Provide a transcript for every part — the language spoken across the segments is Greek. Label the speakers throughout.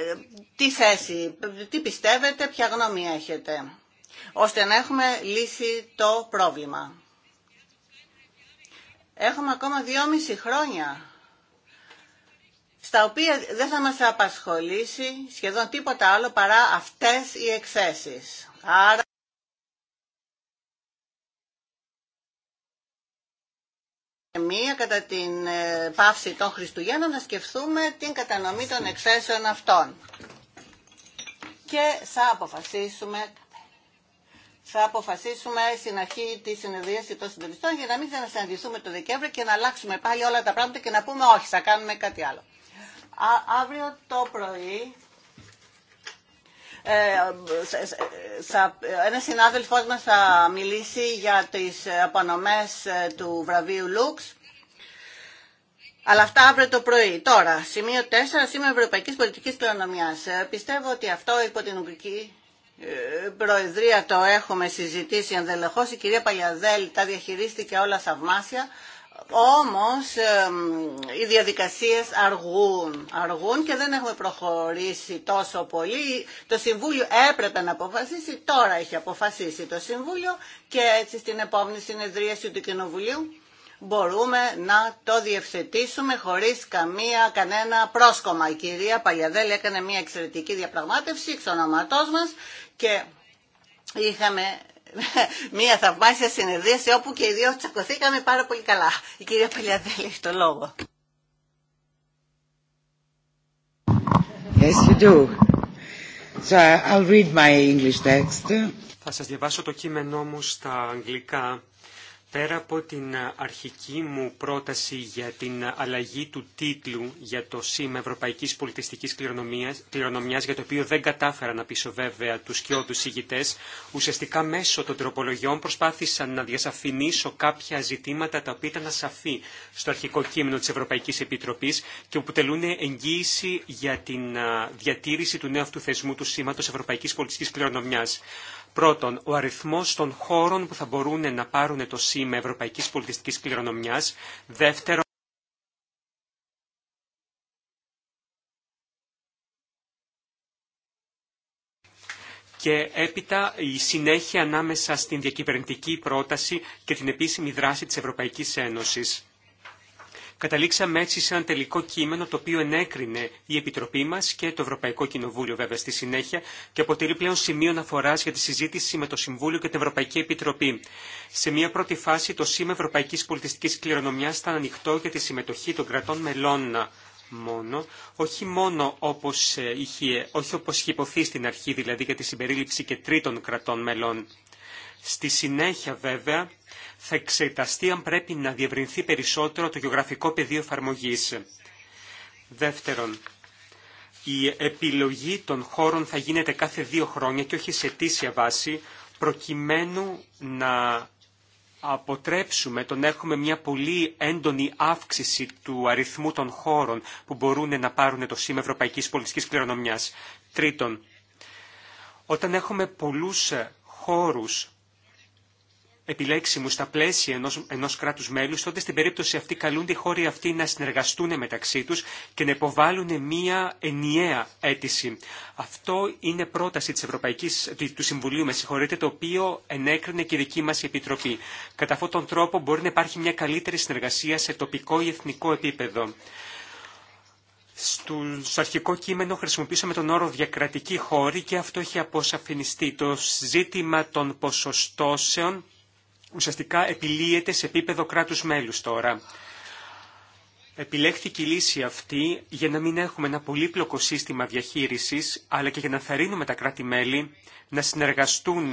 Speaker 1: Ε,
Speaker 2: τι θέση, τι πιστεύετε, ποια γνώμη έχετε, ώστε να έχουμε λύσει το πρόβλημα. Έχουμε ακόμα δυόμιση χρόνια στα οποία δεν θα μας απασχολήσει σχεδόν τίποτα άλλο παρά αυτές οι εκθέσεις. Άρα μία κατά την ε, πάυση των Χριστουγέννων να σκεφτούμε την κατανομή των εκθέσεων αυτών. Και θα αποφασίσουμε, θα αποφασίσουμε στην αρχή τη συνεδρίαση των συντονιστών για να μην ξανασυναντηθούμε το Δεκέμβριο και να αλλάξουμε πάλι όλα τα πράγματα και να πούμε όχι, θα κάνουμε κάτι άλλο. αύριο το πρωί ε, ένας συνάδελφός μας θα μιλήσει για τις απονομές ε, του βραβείου Λουξ. Αλλά αυτά αύριο το πρωί. Τώρα, σημείο 4, σήμερα Ευρωπαϊκής Πολιτικής Κληρονομιάς. Ε, πιστεύω ότι αυτό υπό την Ουγγρική Προεδρία το έχουμε συζητήσει ενδελεχώς. Η κυρία Παλιαδέλη τα διαχειρίστηκε όλα θαυμάσια. Όμως οι διαδικασίες αργούν, αργούν και δεν έχουμε προχωρήσει τόσο πολύ. Το Συμβούλιο έπρεπε να αποφασίσει, τώρα έχει αποφασίσει το Συμβούλιο και έτσι στην επόμενη συνεδρίαση του Κοινοβουλίου μπορούμε να το διευθετήσουμε χωρίς καμία, κανένα πρόσκομα. Η κυρία Παλιαδέλη έκανε μια εξαιρετική διαπραγμάτευση εξ ονοματός μας και είχαμε μία θαυμάσια συνεδρίαση όπου και οι δύο τσακωθήκαμε πάρα πολύ καλά. Η κυρία Παλιαδέλη έχει το λόγο.
Speaker 3: Yes, you do. So I'll read my English text.
Speaker 4: Θα σας διαβάσω το κείμενό μου στα αγγλικά Πέρα από την αρχική μου πρόταση για την αλλαγή του τίτλου για το σήμα Ευρωπαϊκής Πολιτιστικής Κληρονομίας, για το οποίο δεν κατάφερα να πείσω βέβαια τους σκιώδους ηγητές, ουσιαστικά μέσω των τροπολογιών προσπάθησα να διασαφηνίσω κάποια ζητήματα τα οποία ήταν ασαφή στο αρχικό κείμενο της Ευρωπαϊκής Επιτροπής και που τελούν εγγύηση για την διατήρηση του νέου αυτού θεσμού του σήματος Ευρωπαϊκής Πολιτιστικής Κληρονομιά Πρώτον, ο αριθμό των χώρων που θα μπορούν να πάρουν το σήμα Ευρωπαϊκή Πολιτιστική Κληρονομιά. Δεύτερον, και έπειτα η συνέχεια ανάμεσα στην διακυβερνητική πρόταση και την επίσημη δράση της Ευρωπαϊκής Ένωσης. Καταλήξαμε έτσι σε ένα τελικό κείμενο το οποίο ενέκρινε η Επιτροπή μα και το Ευρωπαϊκό Κοινοβούλιο βέβαια στη συνέχεια και αποτελεί πλέον σημείο αναφορά για τη συζήτηση με το Συμβούλιο και την Ευρωπαϊκή Επιτροπή. Σε μια πρώτη φάση το σήμα Ευρωπαϊκή Πολιτιστική Κληρονομιά ήταν ανοιχτό για τη συμμετοχή των κρατών μελών μόνο, όχι μόνο όπως ε, είχε, όχι όπως είχε υποθεί στην αρχή, δηλαδή για τη συμπερίληψη και τρίτων κρατών μελών. Στη συνέχεια βέβαια θα εξεταστεί αν πρέπει να διευρυνθεί περισσότερο το γεωγραφικό πεδίο εφαρμογή. Δεύτερον, η επιλογή των χώρων θα γίνεται κάθε δύο χρόνια και όχι σε αιτήσια βάση, προκειμένου να αποτρέψουμε να έχουμε μια πολύ έντονη αύξηση του αριθμού των χώρων που μπορούν να πάρουν το σήμα Ευρωπαϊκής Πολιτικής Κληρονομιάς. Τρίτον, όταν έχουμε πολλούς χώρους επιλέξιμου στα πλαίσια ενός, ενός κράτους μέλους, τότε στην περίπτωση αυτή καλούνται οι χώροι αυτοί να συνεργαστούν μεταξύ τους και να υποβάλουν μία ενιαία αίτηση. Αυτό είναι πρόταση της Ευρωπαϊκής, του Συμβουλίου, με συγχωρείτε, το οποίο ενέκρινε και η δική μας Επιτροπή. Κατά αυτόν τον τρόπο μπορεί να υπάρχει μια καλύτερη συνεργασία σε τοπικό ή εθνικό επίπεδο. Στο αρχικό κείμενο χρησιμοποιήσαμε τον όρο διακρατική χώρη και αυτό έχει αποσαφινιστεί. Το ζήτημα των ποσοστώσεων ουσιαστικά επιλύεται σε επίπεδο κράτους μέλους τώρα. Επιλέχθηκε η λύση αυτή για να μην έχουμε ένα πολύπλοκο σύστημα διαχείρισης, αλλά και για να θαρρύνουμε τα κράτη-μέλη να συνεργαστούν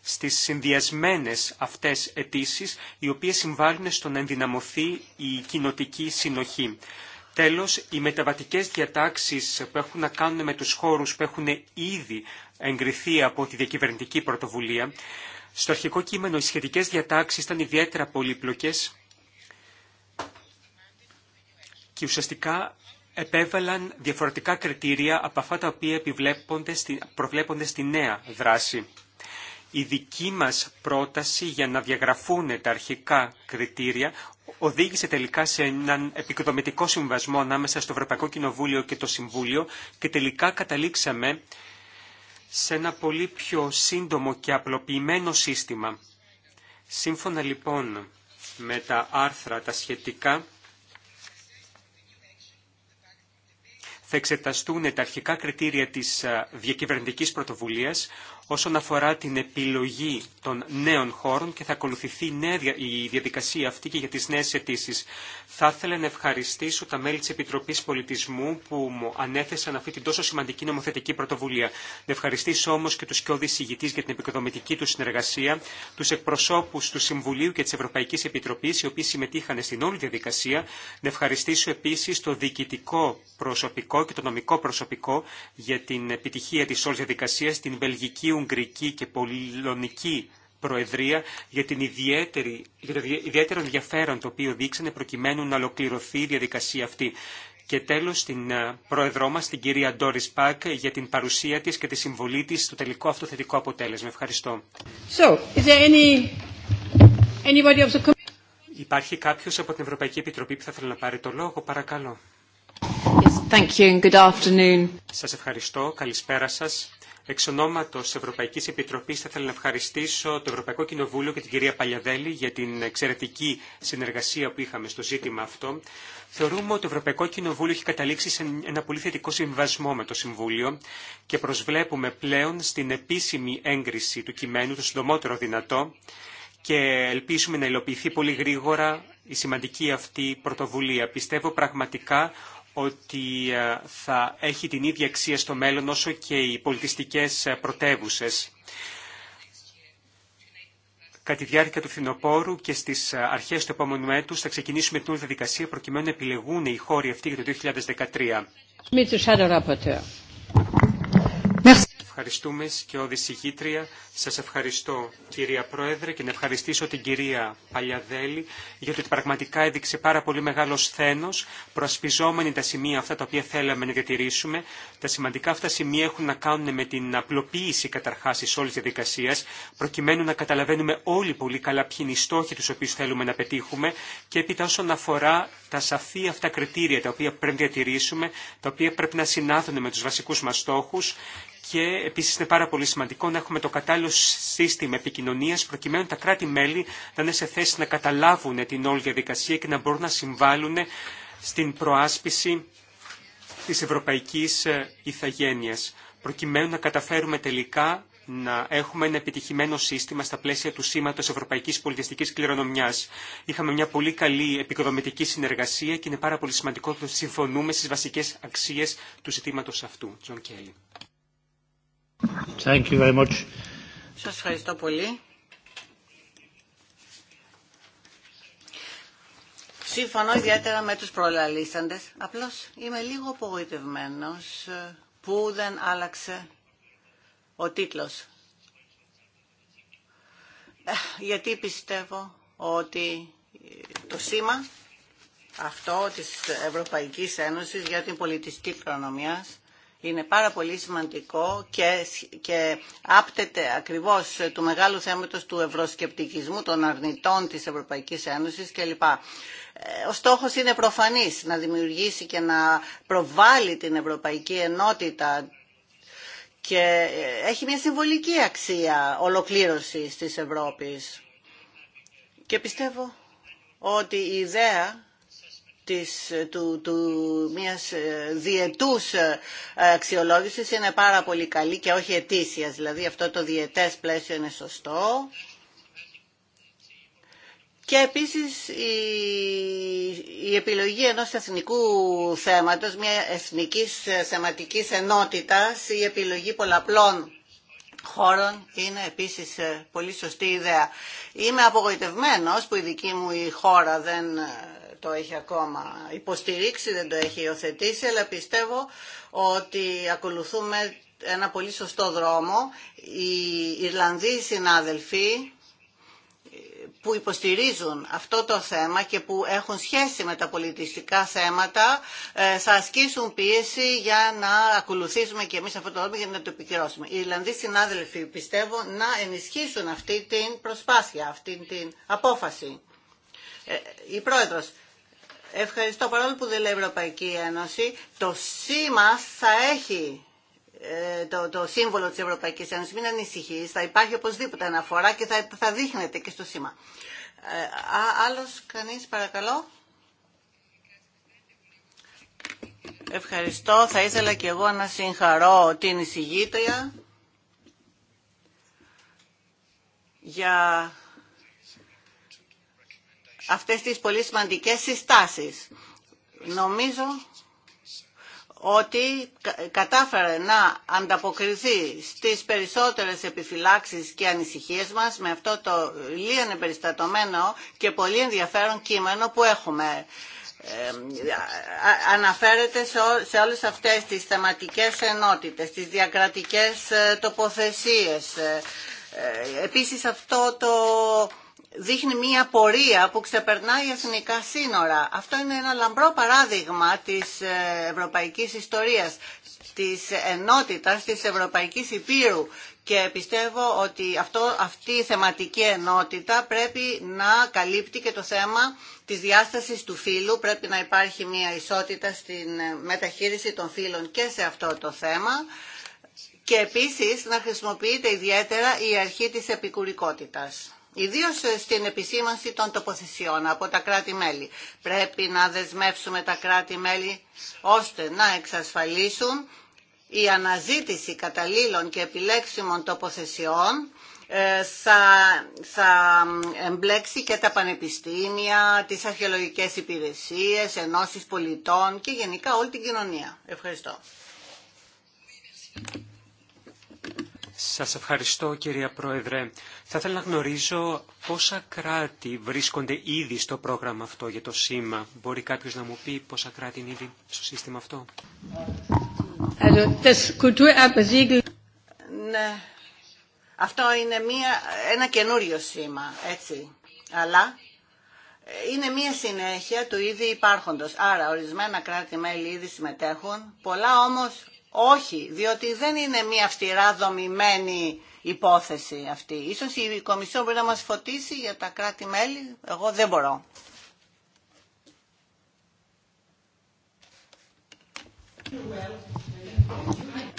Speaker 4: στις συνδυασμένες αυτές αιτήσει, οι οποίες συμβάλλουν στο να ενδυναμωθεί η κοινοτική συνοχή. Τέλος, οι μεταβατικές διατάξεις που έχουν να κάνουν με τους χώρους που έχουν ήδη εγκριθεί από τη διακυβερνητική πρωτοβουλία στο αρχικό κείμενο οι σχετικές διατάξεις ήταν ιδιαίτερα πολύπλοκες και ουσιαστικά επέβαλαν διαφορετικά κριτήρια από αυτά τα οποία προβλέπονται στη νέα δράση. Η δική μας πρόταση για να διαγραφούν τα αρχικά κριτήρια οδήγησε τελικά σε έναν επικοδομητικό συμβασμό ανάμεσα στο Ευρωπαϊκό Κοινοβούλιο και το Συμβούλιο και τελικά καταλήξαμε σε ένα πολύ πιο σύντομο και απλοποιημένο σύστημα. Σύμφωνα λοιπόν με τα άρθρα τα σχετικά, θα εξεταστούν τα αρχικά κριτήρια της ε, διακυβερνητικής πρωτοβουλίας, όσον αφορά την επιλογή των νέων χώρων και θα ακολουθηθεί η διαδικασία αυτή και για τις νέες αιτήσει. Θα ήθελα να ευχαριστήσω τα μέλη της Επιτροπής Πολιτισμού που μου ανέθεσαν αυτή την τόσο σημαντική νομοθετική πρωτοβουλία. Να ευχαριστήσω όμως και τους κοιόδης ηγητής για την επικοδομητική του συνεργασία, τους εκπροσώπους του Συμβουλίου και της Ευρωπαϊκής Επιτροπής, οι οποίοι συμμετείχαν στην όλη διαδικασία. Να ευχαριστήσω επίσης το διοικητικό προσωπικό και το νομικό προσωπικό για την επιτυχία της όλης διαδικασίας, την Βελγική Ουγγρική και Πολυλονική Προεδρία για, την ιδιαίτερη, το ιδιαίτερο ενδιαφέρον το οποίο δείξανε προκειμένου να ολοκληρωθεί η διαδικασία αυτή. Και τέλος την ε, πρόεδρό μα, την κυρία Ντόρι Πακ, για την παρουσία της και τη συμβολή της στο τελικό αυτό θετικό αποτέλεσμα. Ευχαριστώ.
Speaker 1: So, is there any... Anybody of the...
Speaker 4: Υπάρχει κάποιο από την Ευρωπαϊκή Επιτροπή που θα θέλει να πάρει το λόγο, παρακαλώ.
Speaker 2: Yes,
Speaker 4: Σας ευχαριστώ, καλησπέρα σας. Εξ ονόματο Ευρωπαϊκή Επιτροπή, θα ήθελα να ευχαριστήσω το Ευρωπαϊκό Κοινοβούλιο και την κυρία Παλιαδέλη για την εξαιρετική συνεργασία που είχαμε στο ζήτημα αυτό. Θεωρούμε ότι το Ευρωπαϊκό Κοινοβούλιο έχει καταλήξει σε ένα πολύ θετικό συμβασμό με το Συμβούλιο και προσβλέπουμε πλέον στην επίσημη έγκριση του κειμένου το συντομότερο δυνατό και ελπίζουμε να υλοποιηθεί πολύ γρήγορα η σημαντική αυτή πρωτοβουλία. Πιστεύω πραγματικά ότι ε, θα έχει την ίδια αξία στο μέλλον όσο και οι πολιτιστικές ε, πρωτεύουσε. Κατά τη διάρκεια του φθινοπόρου και στις ε, αρχές του επόμενου έτου, θα ξεκινήσουμε την όλη διαδικασία προκειμένου να επιλεγούν οι χώροι αυτοί για το 2013. Ευχαριστούμε και οδησηγήτρια. Σας ευχαριστώ κυρία Πρόεδρε και να ευχαριστήσω την κυρία Παλιαδέλη γιατί πραγματικά έδειξε πάρα πολύ μεγάλο σθένος προασπιζόμενοι τα σημεία αυτά τα οποία θέλαμε να διατηρήσουμε. Τα σημαντικά αυτά σημεία έχουν να κάνουν με την απλοποίηση καταρχάς της όλης διαδικασίας προκειμένου να καταλαβαίνουμε όλοι πολύ καλά ποιοι είναι οι στόχοι τους οποίους θέλουμε να πετύχουμε και έπειτα όσον αφορά τα σαφή αυτά κριτήρια τα οποία πρέπει να διατηρήσουμε, τα οποία πρέπει να συνάθουν με τους βασικούς μας στόχους και επίση είναι πάρα πολύ σημαντικό να έχουμε το κατάλληλο σύστημα επικοινωνία, προκειμένου τα κράτη-μέλη να είναι σε θέση να καταλάβουν την όλη διαδικασία και να μπορούν να συμβάλλουν στην προάσπιση τη ευρωπαϊκή ε, ηθαγένεια. προκειμένου να καταφέρουμε τελικά να έχουμε ένα επιτυχημένο σύστημα στα πλαίσια του σήματο Ευρωπαϊκή Πολιτιστική Κληρονομιά. Είχαμε μια πολύ καλή επικοδομητική συνεργασία και είναι πάρα πολύ σημαντικό ότι συμφωνούμε στι βασικέ αξίε του ζητήματο αυτού. Τζον Κέλλη. Thank you very much.
Speaker 2: Σας ευχαριστώ πολύ. Συμφωνώ ιδιαίτερα με τους προλαλήσαντες. Απλώς είμαι λίγο απογοητευμένος ε, που δεν άλλαξε ο τίτλος. Ε, γιατί πιστεύω ότι ε, το σήμα αυτό της Ευρωπαϊκής Ένωσης για την πολιτιστική προνομίας είναι πάρα πολύ σημαντικό και, και άπτεται ακριβώς του μεγάλου θέματος του ευρωσκεπτικισμού των αρνητών της Ευρωπαϊκής Ένωσης κλπ. Ε, ο στόχος είναι προφανής να δημιουργήσει και να προβάλλει την Ευρωπαϊκή Ενότητα και ε, έχει μια συμβολική αξία ολοκλήρωσης της Ευρώπης. Και πιστεύω ότι η ιδέα της, του, του, μιας ε, διετούς ε, αξιολόγησης είναι πάρα πολύ καλή και όχι ετήσιας. Δηλαδή αυτό το διετές πλαίσιο είναι σωστό. Και επίσης η, επιλογή ενός εθνικού θέματος, μια εθνικής ε, θεματικής ενότητας, η επιλογή πολλαπλών χώρων είναι επίσης πολύ σωστή ιδέα. Είμαι απογοητευμένος που η δική μου η χώρα δεν το έχει ακόμα υποστηρίξει, δεν το έχει υιοθετήσει, αλλά πιστεύω ότι ακολουθούμε ένα πολύ σωστό δρόμο. Οι Ιρλανδοί συνάδελφοι που υποστηρίζουν αυτό το θέμα και που έχουν σχέση με τα πολιτιστικά θέματα ε, θα ασκήσουν πίεση για να ακολουθήσουμε και εμείς αυτό το δρόμο για να το επικυρώσουμε. Οι Ιρλανδοί συνάδελφοι πιστεύω να ενισχύσουν αυτή την προσπάθεια, αυτή την απόφαση. Ε, η Πρόεδρος, Ευχαριστώ. Παρόλο που δεν λέει Ευρωπαϊκή Ένωση, το σήμα θα έχει ε, το, το σύμβολο της Ευρωπαϊκής Ένωσης. Μην ανησυχείς, θα υπάρχει οπωσδήποτε αναφορά και θα, θα δείχνεται και στο σήμα. Ε, άλλος κανείς παρακαλώ. Ευχαριστώ. Θα ήθελα και εγώ να συγχαρώ την εισηγήτρια για αυτές τις πολύ σημαντικές συστάσεις. Νομίζω ότι κατάφερε να ανταποκριθεί στις περισσότερες επιφυλάξεις και ανησυχίες μας με αυτό το λίγαν εμπεριστατωμένο και πολύ ενδιαφέρον κείμενο που έχουμε. αναφέρεται σε, όλες αυτές τις θεματικές ενότητες, τις διακρατικές ε, τοποθεσίες. Ε, ε, επίσης αυτό το δείχνει μία πορεία που ξεπερνάει εθνικά σύνορα. Αυτό είναι ένα λαμπρό παράδειγμα της ε, ευρωπαϊκής ιστορίας, της ενότητας της Ευρωπαϊκής Υπήρου και πιστεύω ότι αυτό, αυτή η θεματική ενότητα πρέπει να καλύπτει και το θέμα της διάστασης του φύλου. Πρέπει να υπάρχει μια ισότητα στην ε, μεταχείριση των φύλων και σε αυτό το θέμα. Και επίσης να χρησιμοποιείται ιδιαίτερα η αρχή της επικουρικότητας. Ιδίω ε, στην επισήμανση των τοποθεσιών από τα κράτη-μέλη. Πρέπει να δεσμεύσουμε τα κράτη-μέλη ώστε να εξασφαλίσουν η αναζήτηση καταλήλων και επιλέξιμων τοποθεσιών ε, θα, θα εμπλέξει και τα πανεπιστήμια, τις αρχαιολογικές υπηρεσίες, ενώσεις πολιτών και γενικά όλη την κοινωνία. Ευχαριστώ.
Speaker 4: Σας ευχαριστώ κυρία Πρόεδρε. Θα ήθελα να γνωρίζω πόσα κράτη βρίσκονται ήδη στο πρόγραμμα αυτό για το σήμα. Μπορεί κάποιος να μου πει πόσα κράτη είναι ήδη στο σύστημα αυτό.
Speaker 2: Ναι. Αυτό είναι μία, ένα καινούριο σήμα, έτσι. Αλλά ε, είναι μία συνέχεια του ήδη υπάρχοντος. Άρα ορισμένα κράτη-μέλη ήδη συμμετέχουν, πολλά όμως όχι, διότι δεν είναι μία αυστηρά δομημένη υπόθεση αυτή. Ίσως η Κομισιόν μπορεί να μας φωτίσει για τα κράτη-μέλη. Εγώ δεν μπορώ.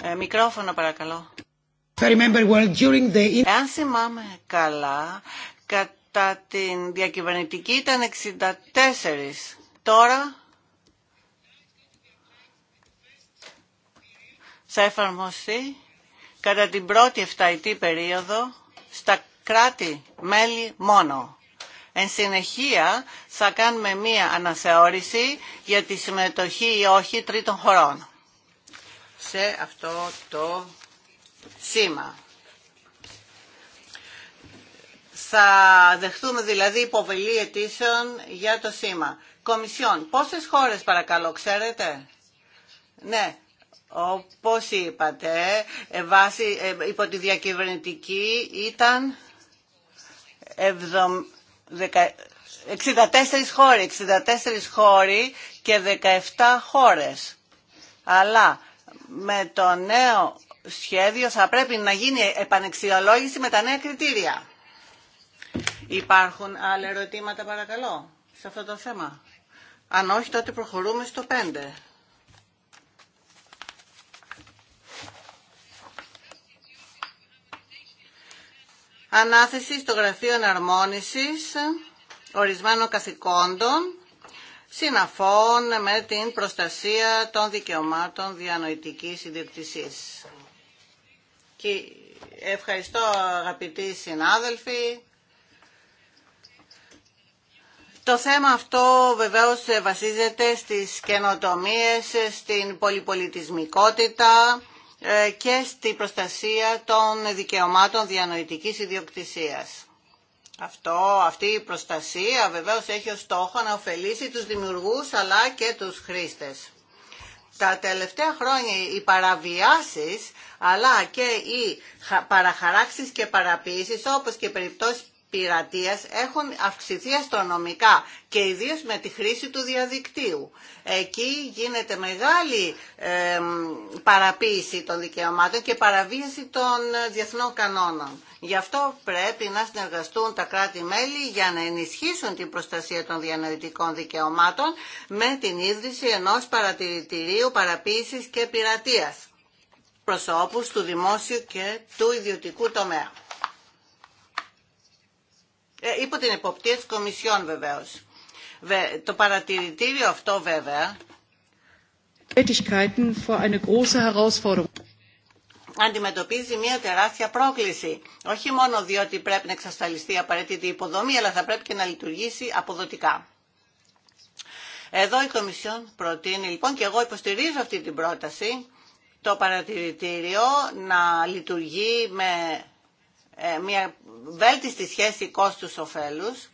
Speaker 2: Ε, μικρόφωνο παρακαλώ. Εάν θυμάμαι καλά, κατά την διακυβερνητική ήταν 64. Τώρα θα εφαρμοστεί κατά την πρώτη εφταετή περίοδο στα κράτη-μέλη μόνο. Εν συνεχεία θα κάνουμε μία αναθεώρηση για τη συμμετοχή ή όχι τρίτων χωρών σε αυτό το σήμα. Θα δεχτούμε δηλαδή υποβολή αιτήσεων για το σήμα. Κομισιόν, πόσες χώρες παρακαλώ, ξέρετε. Ναι, όπως είπατε, ε, βάση, ε, υπό τη διακυβερνητική ήταν 64 χώροι, 64 χώροι και 17 χώρες. Αλλά με το νέο σχέδιο θα πρέπει να γίνει επανεξιολόγηση με τα νέα κριτήρια. Υπάρχουν άλλα ερωτήματα παρακαλώ σε αυτό το θέμα. Αν όχι τότε προχωρούμε στο 5. ανάθεση στο Γραφείο Εναρμόνισης ορισμένων καθηκόντων συναφών με την προστασία των δικαιωμάτων διανοητικής ιδιοκτησίας. Και ευχαριστώ αγαπητοί συνάδελφοι. Το θέμα αυτό βεβαίως βασίζεται στις καινοτομίες, στην πολυπολιτισμικότητα, ε, και στη προστασία των δικαιωμάτων διανοητικής ιδιοκτησίας. Αυτό, αυτή η προστασία βεβαίως έχει ως στόχο να ωφελήσει τους δημιουργούς αλλά και τους χρήστες. Τα τελευταία χρόνια οι παραβιάσεις αλλά και οι παραχαράξεις και παραποίησεις όπως και περιπτώσεις πειρατείας έχουν αυξηθεί αστρονομικά και ιδίως με τη χρήση του διαδικτύου. Εκεί γίνεται μεγάλη ε, παραποίηση των δικαιωμάτων και παραβίαση των διεθνών κανόνων. Γι' αυτό πρέπει να συνεργαστούν τα κράτη-μέλη για να ενισχύσουν την προστασία των διανοητικών δικαιωμάτων με την ίδρυση ενός παρατηρητηρίου παραποίησης και πειρατείας προσώπους του δημόσιου και του ιδιωτικού τομέα. Ε, υπό την εποπτεία της Κομισιόν βεβαίως. Το παρατηρητήριο αυτό βέβαια αντιμετωπίζει μια τεράστια πρόκληση. Όχι μόνο διότι πρέπει να εξασφαλιστεί η απαραίτητη υποδομή, αλλά θα πρέπει και να λειτουργήσει αποδοτικά. Εδώ η Κομισιόν προτείνει, λοιπόν, και εγώ υποστηρίζω αυτή την πρόταση, το παρατηρητήριο να λειτουργεί με ε, μια βέλτιστη σχέση κόστους κόστους-οφέλους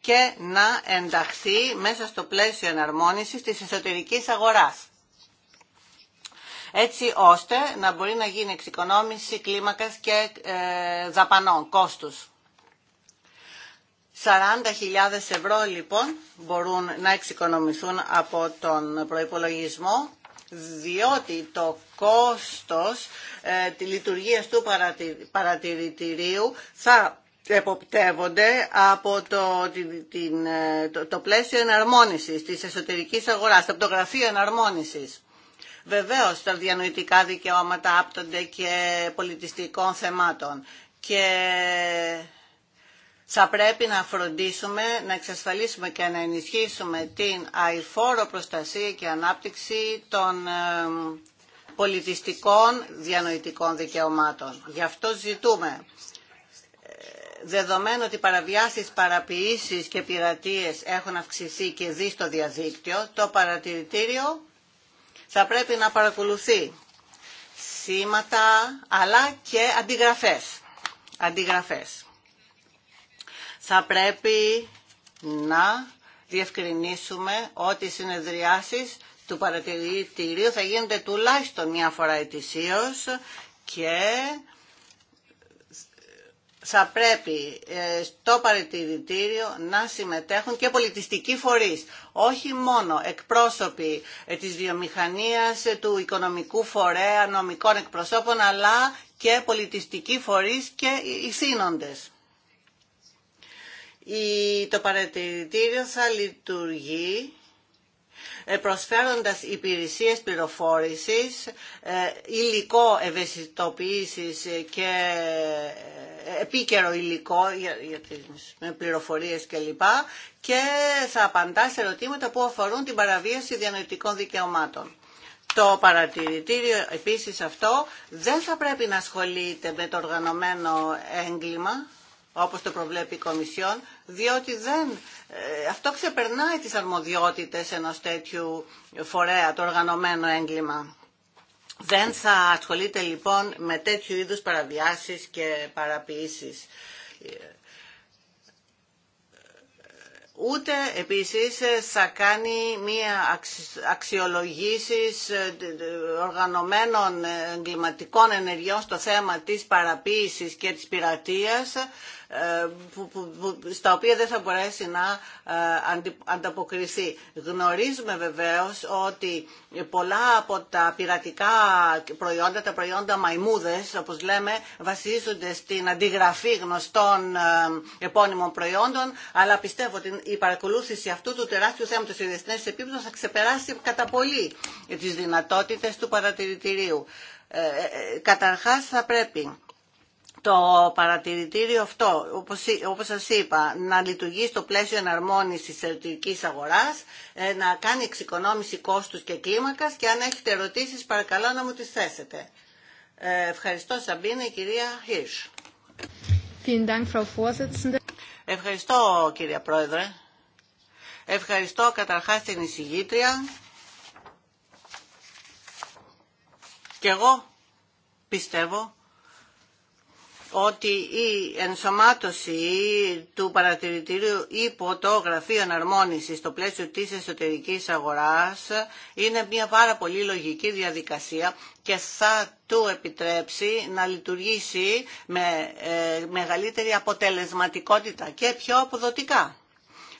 Speaker 2: και να ενταχθεί μέσα στο πλαίσιο εναρμόνισης της εσωτερικής αγοράς. Έτσι ώστε να μπορεί να γίνει εξοικονόμηση κλίμακας και ε, δαπανών, κόστους. 40.000 ευρώ λοιπόν μπορούν να εξοικονομηθούν από τον προϋπολογισμό διότι το κόστος ε, τη λειτουργίας του παρατηρητηρίου θα εποπτεύονται από το, την, ε, το, το πλαίσιο εναρμόνισης της εσωτερικής αγοράς, από το γραφείο εναρμόνισης. Βεβαίως τα διανοητικά δικαιώματα άπτονται και πολιτιστικών θεμάτων και θα πρέπει να φροντίσουμε, να εξασφαλίσουμε και να ενισχύσουμε την αηφόρο προστασία και ανάπτυξη των ε, πολιτιστικών διανοητικών δικαιωμάτων. Γι' αυτό ζητούμε, ε, δεδομένου ότι παραβιάσεις, παραποιήσεις και πειρατείες έχουν αυξηθεί και δει στο διαδίκτυο, το παρατηρητήριο θα πρέπει να παρακολουθεί σήματα αλλά και αντιγραφές. αντιγραφές θα πρέπει να διευκρινίσουμε ότι οι συνεδριάσεις του παρατηρητηρίου θα γίνονται τουλάχιστον μια φορά ετησίως και θα πρέπει ε, στο παρατηρητήριο να συμμετέχουν και πολιτιστικοί φορείς. Όχι μόνο εκπρόσωποι ε, της βιομηχανίας, ε, του οικονομικού φορέα, νομικών εκπροσώπων, αλλά και πολιτιστικοί φορείς και οι το παρατηρητήριο θα λειτουργεί ε, προσφέροντας υπηρεσίες πληροφόρησης, ε, υλικό ευαισθητοποίησης και ε, επίκαιρο υλικό για τις, με πληροφορίες κλπ. και θα απαντά σε ερωτήματα που αφορούν την παραβίαση διανοητικών δικαιωμάτων. Το παρατηρητήριο επίσης αυτό δεν θα πρέπει να ασχολείται με το οργανωμένο έγκλημα, όπως το προβλέπει η Κομισιόν, διότι δεν, ε, αυτό ξεπερνάει τις αρμοδιότητες ενός τέτοιου φορέα, το οργανωμένο έγκλημα. Δεν θα ασχολείται λοιπόν με τέτοιου είδους παραβιάσεις και παραποιήσεις. Ε, ούτε επίσης θα κάνει μία αξιολογήσεις ε, οργανωμένων εγκληματικών ενεργειών στο θέμα της παραποίησης και της πειρατείας ε, στα οποία δεν θα μπορέσει να ε, ανταποκριθεί. Γνωρίζουμε βεβαίως ότι πολλά από τα πειρατικά προϊόντα, τα προϊόντα μαϊμούδες, όπως λέμε, βασίζονται στην αντιγραφή γνωστών επώνυμων προϊόντων, αλλά πιστεύω ότι η παρακολούθηση αυτού του τεράστιου θέματος σε διεθνές επίπεδο θα ξεπεράσει κατά πολύ τις δυνατότητες του παρατηρητηρίου. Ε, ε καταρχάς θα πρέπει το παρατηρητήριο αυτό, όπως, όπως σας είπα, να λειτουργεί στο πλαίσιο εναρμόνισης της ερωτηρικής αγοράς, ε, να κάνει εξοικονόμηση κόστους και κλίμακας και αν έχετε ερωτήσεις παρακαλώ να μου τις θέσετε. Ε, ευχαριστώ Σαμπίνα, η κυρία Χίρς. Ευχαριστώ κύριε Πρόεδρε. Ευχαριστώ καταρχάς την εισηγήτρια. Και εγώ πιστεύω ότι η ενσωμάτωση του παρατηρητήριου υπό το γραφείο εναρμόνισης στο πλαίσιο της εσωτερικής αγοράς είναι μια πάρα πολύ λογική διαδικασία και θα του επιτρέψει να λειτουργήσει με ε, μεγαλύτερη αποτελεσματικότητα και πιο αποδοτικά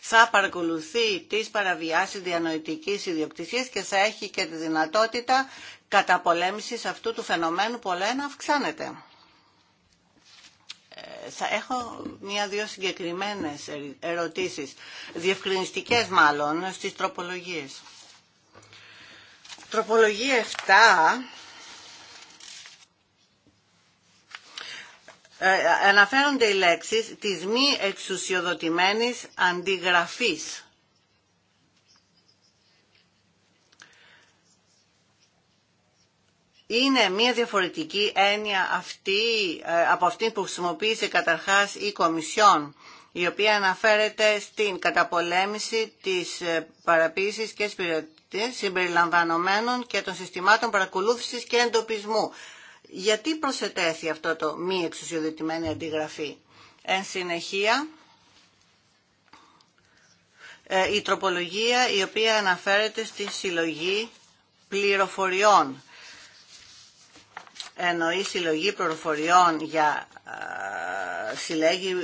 Speaker 2: θα παρακολουθεί τις παραβιάσεις διανοητικής ιδιοκτησίας και θα έχει και τη δυνατότητα καταπολέμησης αυτού του φαινομένου που όλα αυξάνεται θα έχω μία-δύο συγκεκριμένες ερωτήσεις, διευκρινιστικές μάλλον, στις τροπολογίες. Τροπολογία 7... Ε, αναφέρονται οι λέξεις της μη εξουσιοδοτημένης αντιγραφής. είναι μια διαφορετική έννοια αυτή, ε, από αυτή που χρησιμοποίησε καταρχάς η Κομισιόν, η οποία αναφέρεται στην καταπολέμηση της ε, παραποίησης και σπηρετής συμπεριλαμβανομένων και των συστημάτων παρακολούθησης και εντοπισμού. Γιατί προσετέθη αυτό το μη εξουσιοδοτημένη αντιγραφή. Εν συνεχεία, ε, η τροπολογία η οποία αναφέρεται στη συλλογή πληροφοριών εννοεί συλλογή πληροφοριών για συλλέγει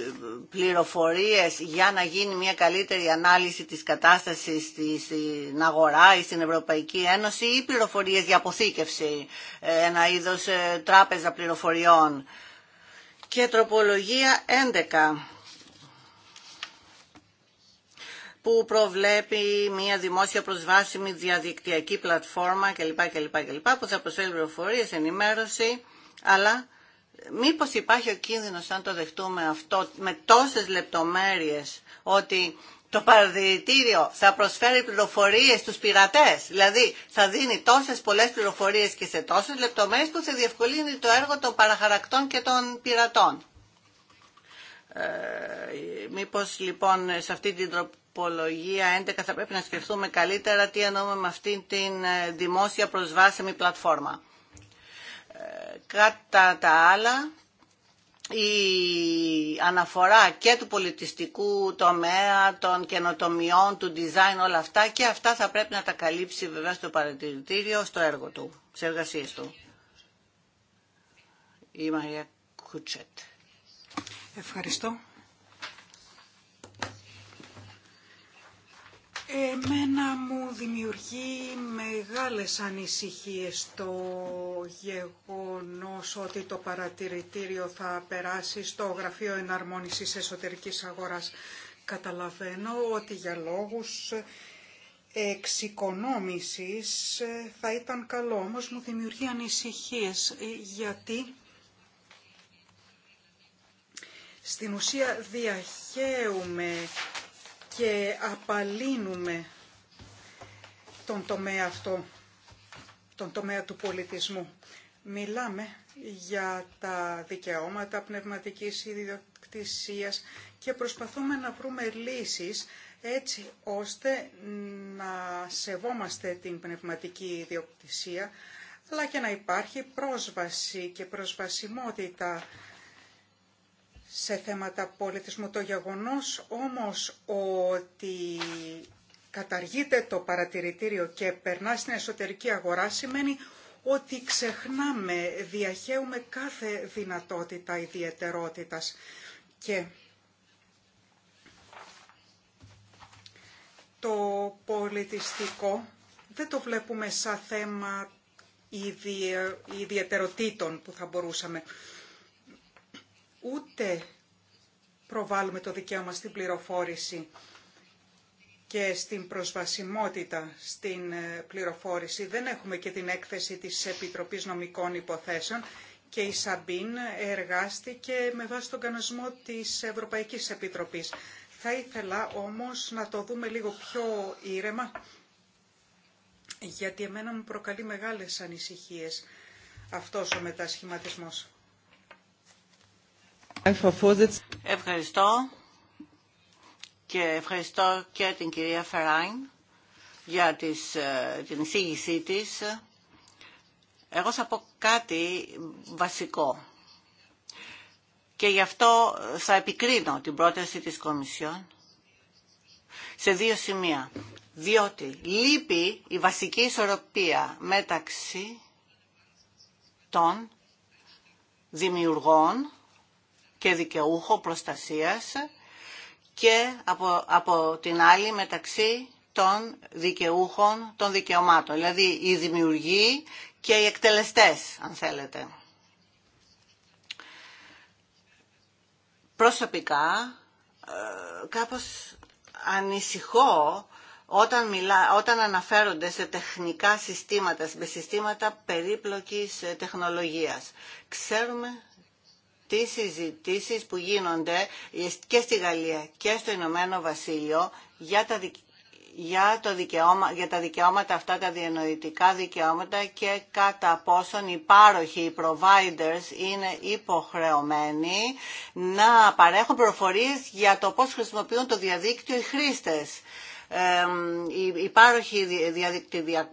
Speaker 2: πληροφορίες για να γίνει μια καλύτερη ανάλυση της κατάστασης στην αγορά ή στην Ευρωπαϊκή Ένωση ή πληροφορίες για αποθήκευση, ε, ένα είδος ε, τράπεζα πληροφοριών. Και τροπολογία 11 που προβλέπει μια δημόσια προσβάσιμη διαδικτυακή πλατφόρμα κλπ. κλπ, κλπ που θα προσφέρει πληροφορίε, ενημέρωση, αλλά μήπως υπάρχει ο κίνδυνος αν το δεχτούμε αυτό με τόσες λεπτομέρειες ότι το παρατηρητήριο θα προσφέρει πληροφορίες στους πειρατές. Δηλαδή θα δίνει τόσες πολλές πληροφορίες και σε τόσες λεπτομέρειες που θα διευκολύνει το έργο των παραχαρακτών και των πειρατών. Ε, μήπως λοιπόν σε αυτή την 11 θα πρέπει να σκεφτούμε καλύτερα τι εννοούμε με αυτήν την ε, δημόσια προσβάσιμη πλατφόρμα. Ε, κατά τα άλλα, η αναφορά και του πολιτιστικού τομέα, των καινοτομιών, του design, όλα αυτά και αυτά θα πρέπει να τα καλύψει βέβαια στο παρατηρητήριο, στο έργο του, σε εργασίες του. Η Μαρία Κουτσέτ.
Speaker 1: Ευχαριστώ. Εμένα μου δημιουργεί μεγάλες ανησυχίες το γεγονός ότι το παρατηρητήριο θα περάσει στο Γραφείο Εναρμόνισης Εσωτερικής Αγοράς. Καταλαβαίνω ότι για λόγους εξοικονόμησης θα ήταν καλό, όμως μου δημιουργεί ανησυχίες γιατί στην ουσία διαχέουμε και απαλύνουμε τον τομέα αυτό, τον τομέα του πολιτισμού. Μιλάμε για τα δικαιώματα πνευματικής ιδιοκτησίας και προσπαθούμε να βρούμε λύσεις έτσι ώστε να σεβόμαστε την πνευματική ιδιοκτησία αλλά και να υπάρχει πρόσβαση και προσβασιμότητα σε θέματα πολιτισμού. Το γεγονός όμως ότι καταργείται το παρατηρητήριο και περνά στην εσωτερική αγορά σημαίνει ότι ξεχνάμε, διαχέουμε κάθε δυνατότητα ιδιαιτερότητας και το πολιτιστικό δεν το βλέπουμε σαν θέμα ιδιαιτεροτήτων που θα μπορούσαμε ούτε προβάλλουμε το δικαίωμα στην πληροφόρηση και στην προσβασιμότητα στην ε, πληροφόρηση. Δεν έχουμε και την έκθεση της Επιτροπής Νομικών Υποθέσεων και η Σαμπίν εργάστηκε με βάση τον κανονισμό της Ευρωπαϊκής Επιτροπής. Θα ήθελα όμως να το δούμε λίγο πιο ήρεμα, γιατί εμένα μου προκαλεί μεγάλες ανησυχίες αυτός ο μετασχηματισμός.
Speaker 2: Ευχαριστώ και ευχαριστώ και την κυρία Φεράιν για τις, ε, την εισήγησή της. Εγώ θα πω κάτι βασικό και γι' αυτό θα επικρίνω την πρόταση της Κομισιόν σε δύο σημεία. Διότι λείπει η βασική ισορροπία μεταξύ των δημιουργών και δικαιούχο προστασίας και από, από την άλλη μεταξύ των δικαιούχων των δικαιωμάτων, δηλαδή οι δημιουργοί και οι εκτελεστές, αν θέλετε. Προσωπικά, ε, κάπως ανησυχώ όταν, μιλά, όταν αναφέρονται σε τεχνικά συστήματα, σε συστήματα περίπλοκης ε, τεχνολογίας. Ξέρουμε τις συζητήσεις που γίνονται και στη Γαλλία και στο Ηνωμένο Βασίλειο για τα, για, το δικαιώμα... για τα δικαιώματα αυτά, τα διανοητικά δικαιώματα και κατά πόσον οι πάροχοι, οι providers είναι υποχρεωμένοι να παρέχουν προφορίες για το πώς χρησιμοποιούν το διαδίκτυο οι χρήστες οι πάροχοι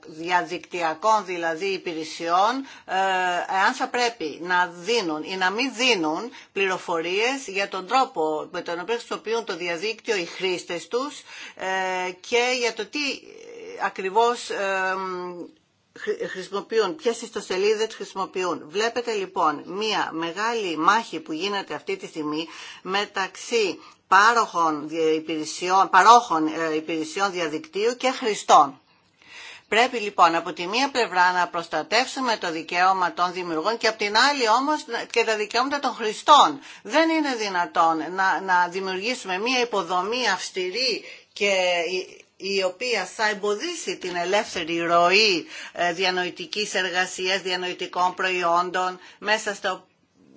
Speaker 2: διαδικτυακών δηλαδή υπηρεσιών αν ε, θα πρέπει να δίνουν ή να μην δίνουν πληροφορίες για τον τρόπο με τον οποίο χρησιμοποιούν το διαδίκτυο οι χρήστες τους ε, και για το τι ε, ακριβώς χρησιμοποιούν, ποιες ιστοσελίδες χρησιμοποιούν. Βλέπετε λοιπόν μία μεγάλη μάχη που γίνεται αυτή τη στιγμή μεταξύ πάροχων υπηρεσιών, παρόχων ε, υπηρεσιών διαδικτύου και χρηστών. Πρέπει λοιπόν από τη μία πλευρά να προστατεύσουμε το δικαίωμα των δημιουργών και από την άλλη όμως και τα δικαιώματα των χρηστών. Δεν είναι δυνατόν να, να δημιουργήσουμε μία υποδομή αυστηρή και η οποία θα εμποδίσει την ελεύθερη ροή ε, διανοητικής εργασίας, διανοητικών προϊόντων μέσα στο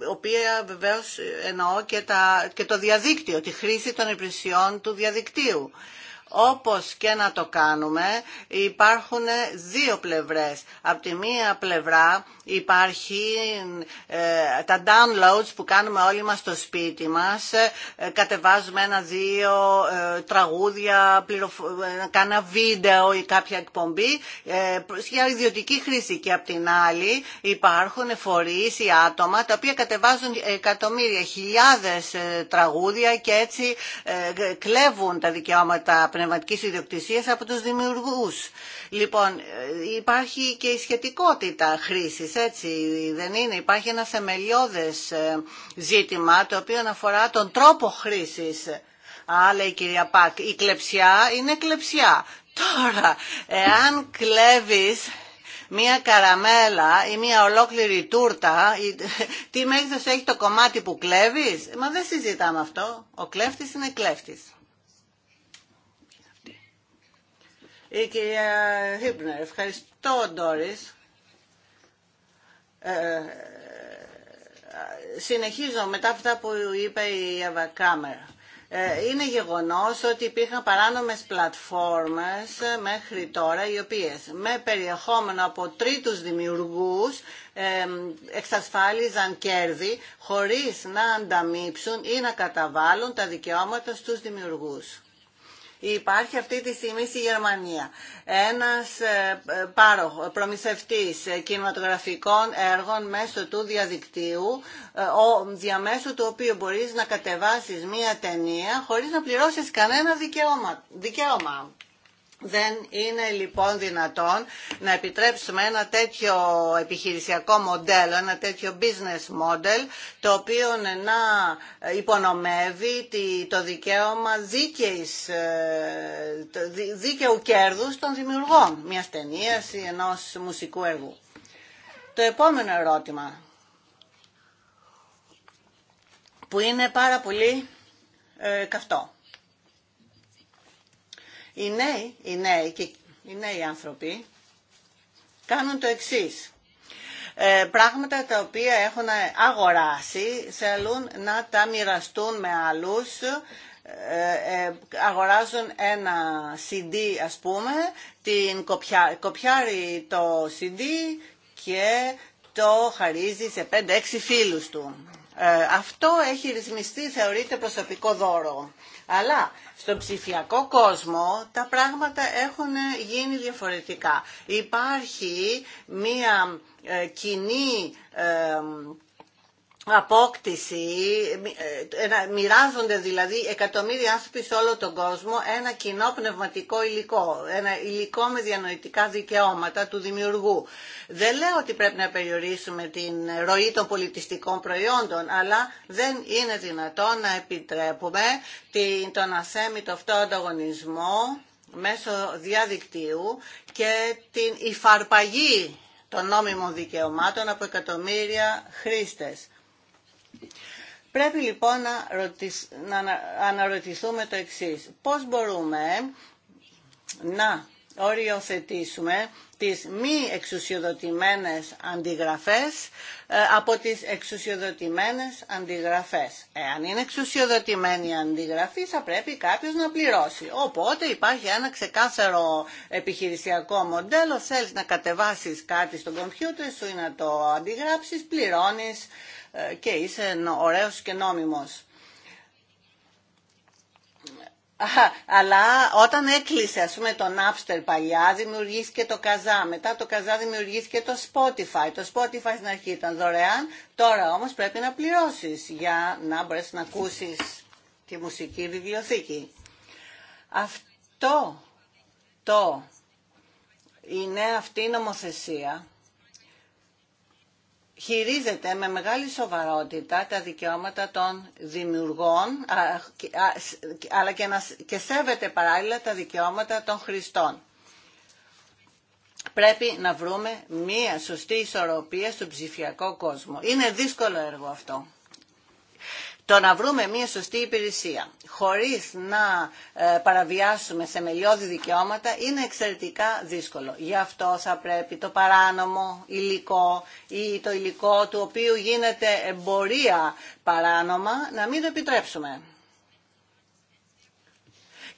Speaker 2: οποία βεβαίως εννοώ και, τα, και το διαδίκτυο, τη χρήση των υπηρεσιών του διαδικτύου. Όπως και να το κάνουμε υπάρχουν δύο πλευρές. Από τη μία πλευρά υπάρχει ε, τα downloads που κάνουμε όλοι μας στο σπίτι μας. Ε, κατεβάζουμε ένα-δύο ε, τραγούδια, πληροφο... κάνα βίντεο ή κάποια εκπομπή για ιδιωτική χρήση. Και από την άλλη υπάρχουν φορείς ή άτομα τα οποία κατεβάζουν εκατομμύρια, χιλιάδες τραγούδια και έτσι κλέβουν τα δικαιώματα πνευματικής ιδιοκτησίας από τους δημιουργούς. Λοιπόν, ε, υπάρχει και η σχετικότητα χρήσης, έτσι δεν είναι. Υπάρχει ένα θεμελιώδες ε, ζήτημα το οποίο αφορά τον τρόπο χρήσης. Αλλά η κυρία Πακ, η κλεψιά είναι κλεψιά. Τώρα, εάν κλέβεις μία καραμέλα ή μία ολόκληρη τούρτα, τι μέγεθος έχει το κομμάτι που κλέβεις, μα δεν συζητάμε αυτό. Ο κλέφτης είναι κλέφτης. Η κυρία Χίπνερ, ευχαριστώ Ντόρις. Ε, συνεχίζω μετά αυτά που είπε η Εύα ε, Είναι γεγονός ότι υπήρχαν παράνομες πλατφόρμες μέχρι τώρα οι οποίες με περιεχόμενο από τρίτους δημιουργούς ε, εξασφάλιζαν κέρδη χωρίς να ανταμείψουν ή να καταβάλουν τα δικαιώματα στους δημιουργούς. Υπάρχει αυτή τη στιγμή στη Γερμανία ένας ε, πάροχος, προμηθευτής ε, κινηματογραφικών έργων μέσω του διαδικτύου, ε, διαμέσου του οποίου μπορείς να κατεβάσεις μία ταινία χωρίς να πληρώσεις κανένα δικαίωμα. δικαίωμα. Δεν είναι λοιπόν δυνατόν να επιτρέψουμε ένα τέτοιο επιχειρησιακό μοντέλο, ένα τέτοιο business model, το οποίο να υπονομεύει το δικαίωμα δίκαιης, ε, δίκαιου κέρδους των δημιουργών μια ταινίας ή ενός μουσικού έργου. Το επόμενο ερώτημα, που είναι πάρα πολύ ε, καυτό. Οι νέοι, οι νέοι, οι νέοι άνθρωποι κάνουν το εξή. Ε, πράγματα τα οποία έχουν αγοράσει, θέλουν να τα μοιραστούν με άλλους, ε, ε, αγοράζουν ένα CD ας πούμε, την κοπιά, κοπιάρει το CD και το χαρίζει σε 5-6 φίλους του. αυτό έχει ρυθμιστεί, θεωρείται προσωπικό δώρο. Αλλά στον ψηφιακό κόσμο τα πράγματα έχουν γίνει διαφορετικά. Υπάρχει μία ε, κοινή ε, απόκτηση, ε, μοιράζονται δηλαδή εκατομμύρια άνθρωποι σε όλο τον κόσμο ένα κοινό πνευματικό υλικό, ένα υλικό με διανοητικά δικαιώματα του δημιουργού. Δεν λέω ότι πρέπει να περιορίσουμε την ροή των πολιτιστικών προϊόντων, αλλά δεν είναι δυνατόν να επιτρέπουμε τον ασέμητο αυτό ανταγωνισμό μέσω διαδικτύου και την υφαρπαγή των νόμιμων δικαιωμάτων από εκατομμύρια χρήστες. Πρέπει λοιπόν να, να αναρωτηθούμε το εξής. Πώς μπορούμε να οριοθετήσουμε τις μη εξουσιοδοτημένες αντιγραφές ε, από τις εξουσιοδοτημένες αντιγραφές. Εάν είναι εξουσιοδοτημένη η αντιγραφή θα πρέπει κάποιος να πληρώσει. Οπότε υπάρχει ένα ξεκάθαρο επιχειρησιακό μοντέλο, θέλεις να κατεβάσεις κάτι στον κομπιούτερ σου ή να το αντιγράψεις, πληρώνεις ε, και είσαι ωραίος και νόμιμος. Αλλά όταν έκλεισε ας πούμε το Napster παλιά δημιουργήθηκε το Καζά, μετά το Καζά δημιουργήθηκε το Spotify. Το Spotify στην αρχή ήταν δωρεάν, τώρα όμως πρέπει να πληρώσεις για να μπορέσει να ακούσεις τη μουσική βιβλιοθήκη. Αυτό το είναι αυτή η νομοθεσία χειρίζεται με μεγάλη σοβαρότητα τα δικαιώματα των δημιουργών αλλά και, να, και σέβεται παράλληλα τα δικαιώματα των χρηστών. Πρέπει να βρούμε μία σωστή ισορροπία στον ψηφιακό κόσμο. Είναι δύσκολο έργο αυτό το να βρούμε μια σωστή υπηρεσία χωρίς να ε, παραβιάσουμε θεμελιώδη δικαιώματα είναι εξαιρετικά δύσκολο. Γι' αυτό θα πρέπει το παράνομο υλικό ή το υλικό του οποίου γίνεται εμπορία παράνομα να μην το επιτρέψουμε.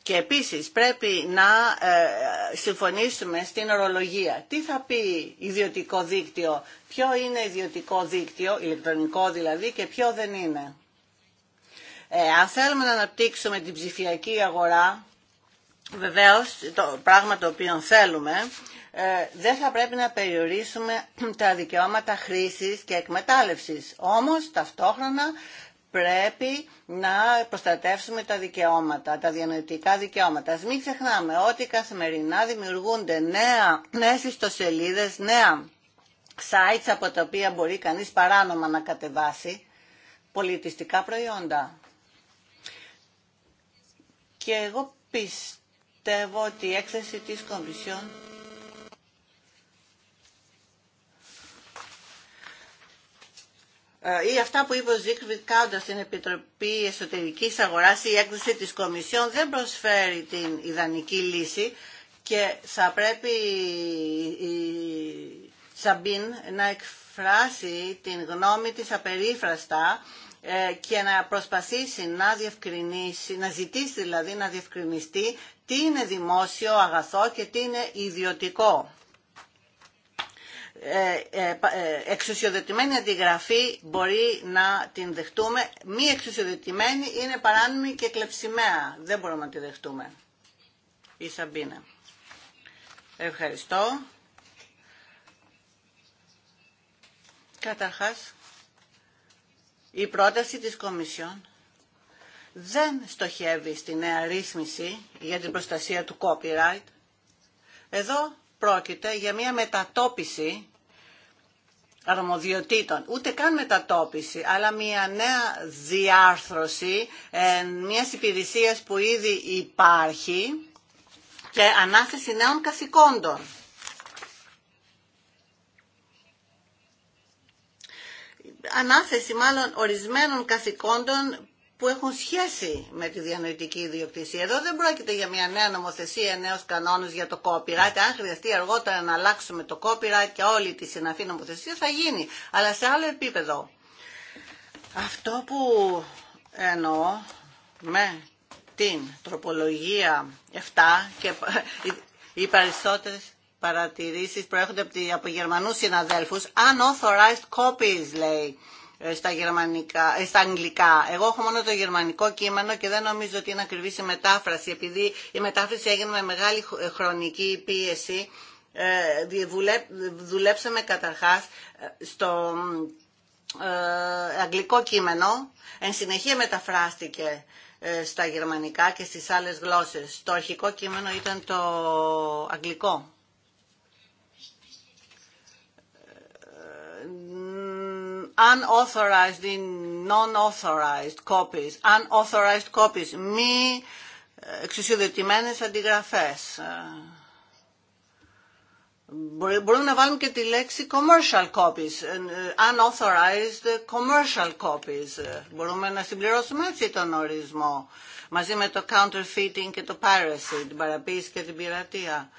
Speaker 2: Και επίσης πρέπει να ε, συμφωνήσουμε στην ορολογία. Τι θα πει ιδιωτικό δίκτυο, ποιο είναι ιδιωτικό δίκτυο, ηλεκτρονικό δηλαδή και ποιο δεν είναι. Ε, αν θέλουμε να αναπτύξουμε την ψηφιακή αγορά, βεβαίως το πράγμα το οποίο θέλουμε, ε, δεν θα πρέπει να περιορίσουμε τα δικαιώματα χρήσης και εκμετάλλευσης. Όμως, ταυτόχρονα, πρέπει να προστατεύσουμε τα δικαιώματα, τα διανοητικά δικαιώματα. Ας μην ξεχνάμε ότι καθημερινά δημιουργούνται νέα, νέες ιστοσελίδες, νέα sites από τα οποία μπορεί κανείς παράνομα να κατεβάσει πολιτιστικά προϊόντα. Και εγώ πιστεύω ότι η έκθεση της Κομισιόν ε, ή αυτά που είπε ο Ζήκρβιτ Κάουντα στην Επιτροπή Εσωτερικής Αγοράς, η αυτα που ειπε ο ζηκρβιτ προσφέρει στην επιτροπη εσωτερικης αγορας η εκθεση της Κομισιόν δεν προσφέρει την ιδανική λύση και θα πρέπει η Σαμπίν να εκφράσει την γνώμη της απερίφραστα ε, και να προσπαθήσει να διευκρινίσει, να ζητήσει δηλαδή να διευκρινιστεί τι είναι δημόσιο αγαθό και τι είναι ιδιωτικό. Ε, ε, εξουσιοδοτημένη αντιγραφή μπορεί να την δεχτούμε. Μη εξουσιοδοτημένη είναι παράνομη και κλεψιμέα. Δεν μπορούμε να τη δεχτούμε. Η Σαμπίνα. Ευχαριστώ. Καταρχάς, η πρόταση της Κομισιόν δεν στοχεύει στη νέα ρύθμιση για την προστασία του copyright. Εδώ πρόκειται για μια μετατόπιση αρμοδιοτήτων, ούτε καν μετατόπιση, αλλά μια νέα διάρθρωση ε, μιας υπηρεσίας που ήδη υπάρχει και ανάθεση νέων καθηκόντων. ανάθεση μάλλον ορισμένων καθηκόντων που έχουν σχέση με τη διανοητική ιδιοκτησία. Εδώ δεν πρόκειται για μια νέα νομοθεσία, νέους κανόνες για το copyright. Αν χρειαστεί αργότερα να αλλάξουμε το copyright και όλη τη συναφή νομοθεσία θα γίνει, αλλά σε άλλο επίπεδο. Αυτό που εννοώ με την τροπολογία 7 και οι περισσότερες παρατηρήσεις προέρχονται από γερμανούς συναδέλφους. Unauthorized copies, λέει, ε, στα, γερμανικά, ε, στα αγγλικά. Εγώ έχω μόνο το γερμανικό κείμενο και δεν νομίζω ότι είναι ακριβή η μετάφραση, επειδή η μετάφραση έγινε με μεγάλη ε, χρονική πίεση. δουλέψαμε καταρχάς στο αγγλικό κείμενο, εν συνεχεία μεταφράστηκε στα γερμανικά και στις άλλες γλώσσες. Το αρχικό κείμενο ήταν το αγγλικό. unauthorized non-authorized copies, unauthorized copies, μη ε, εξουσιοδοτημένες αντιγραφές. Ε, μπορούμε να βάλουμε και τη λέξη commercial copies, ε, unauthorized commercial copies. Μπορούμε να συμπληρώσουμε έτσι τον ορισμό, μαζί με το counterfeiting και το piracy, την παραποίηση και την πειρατεία.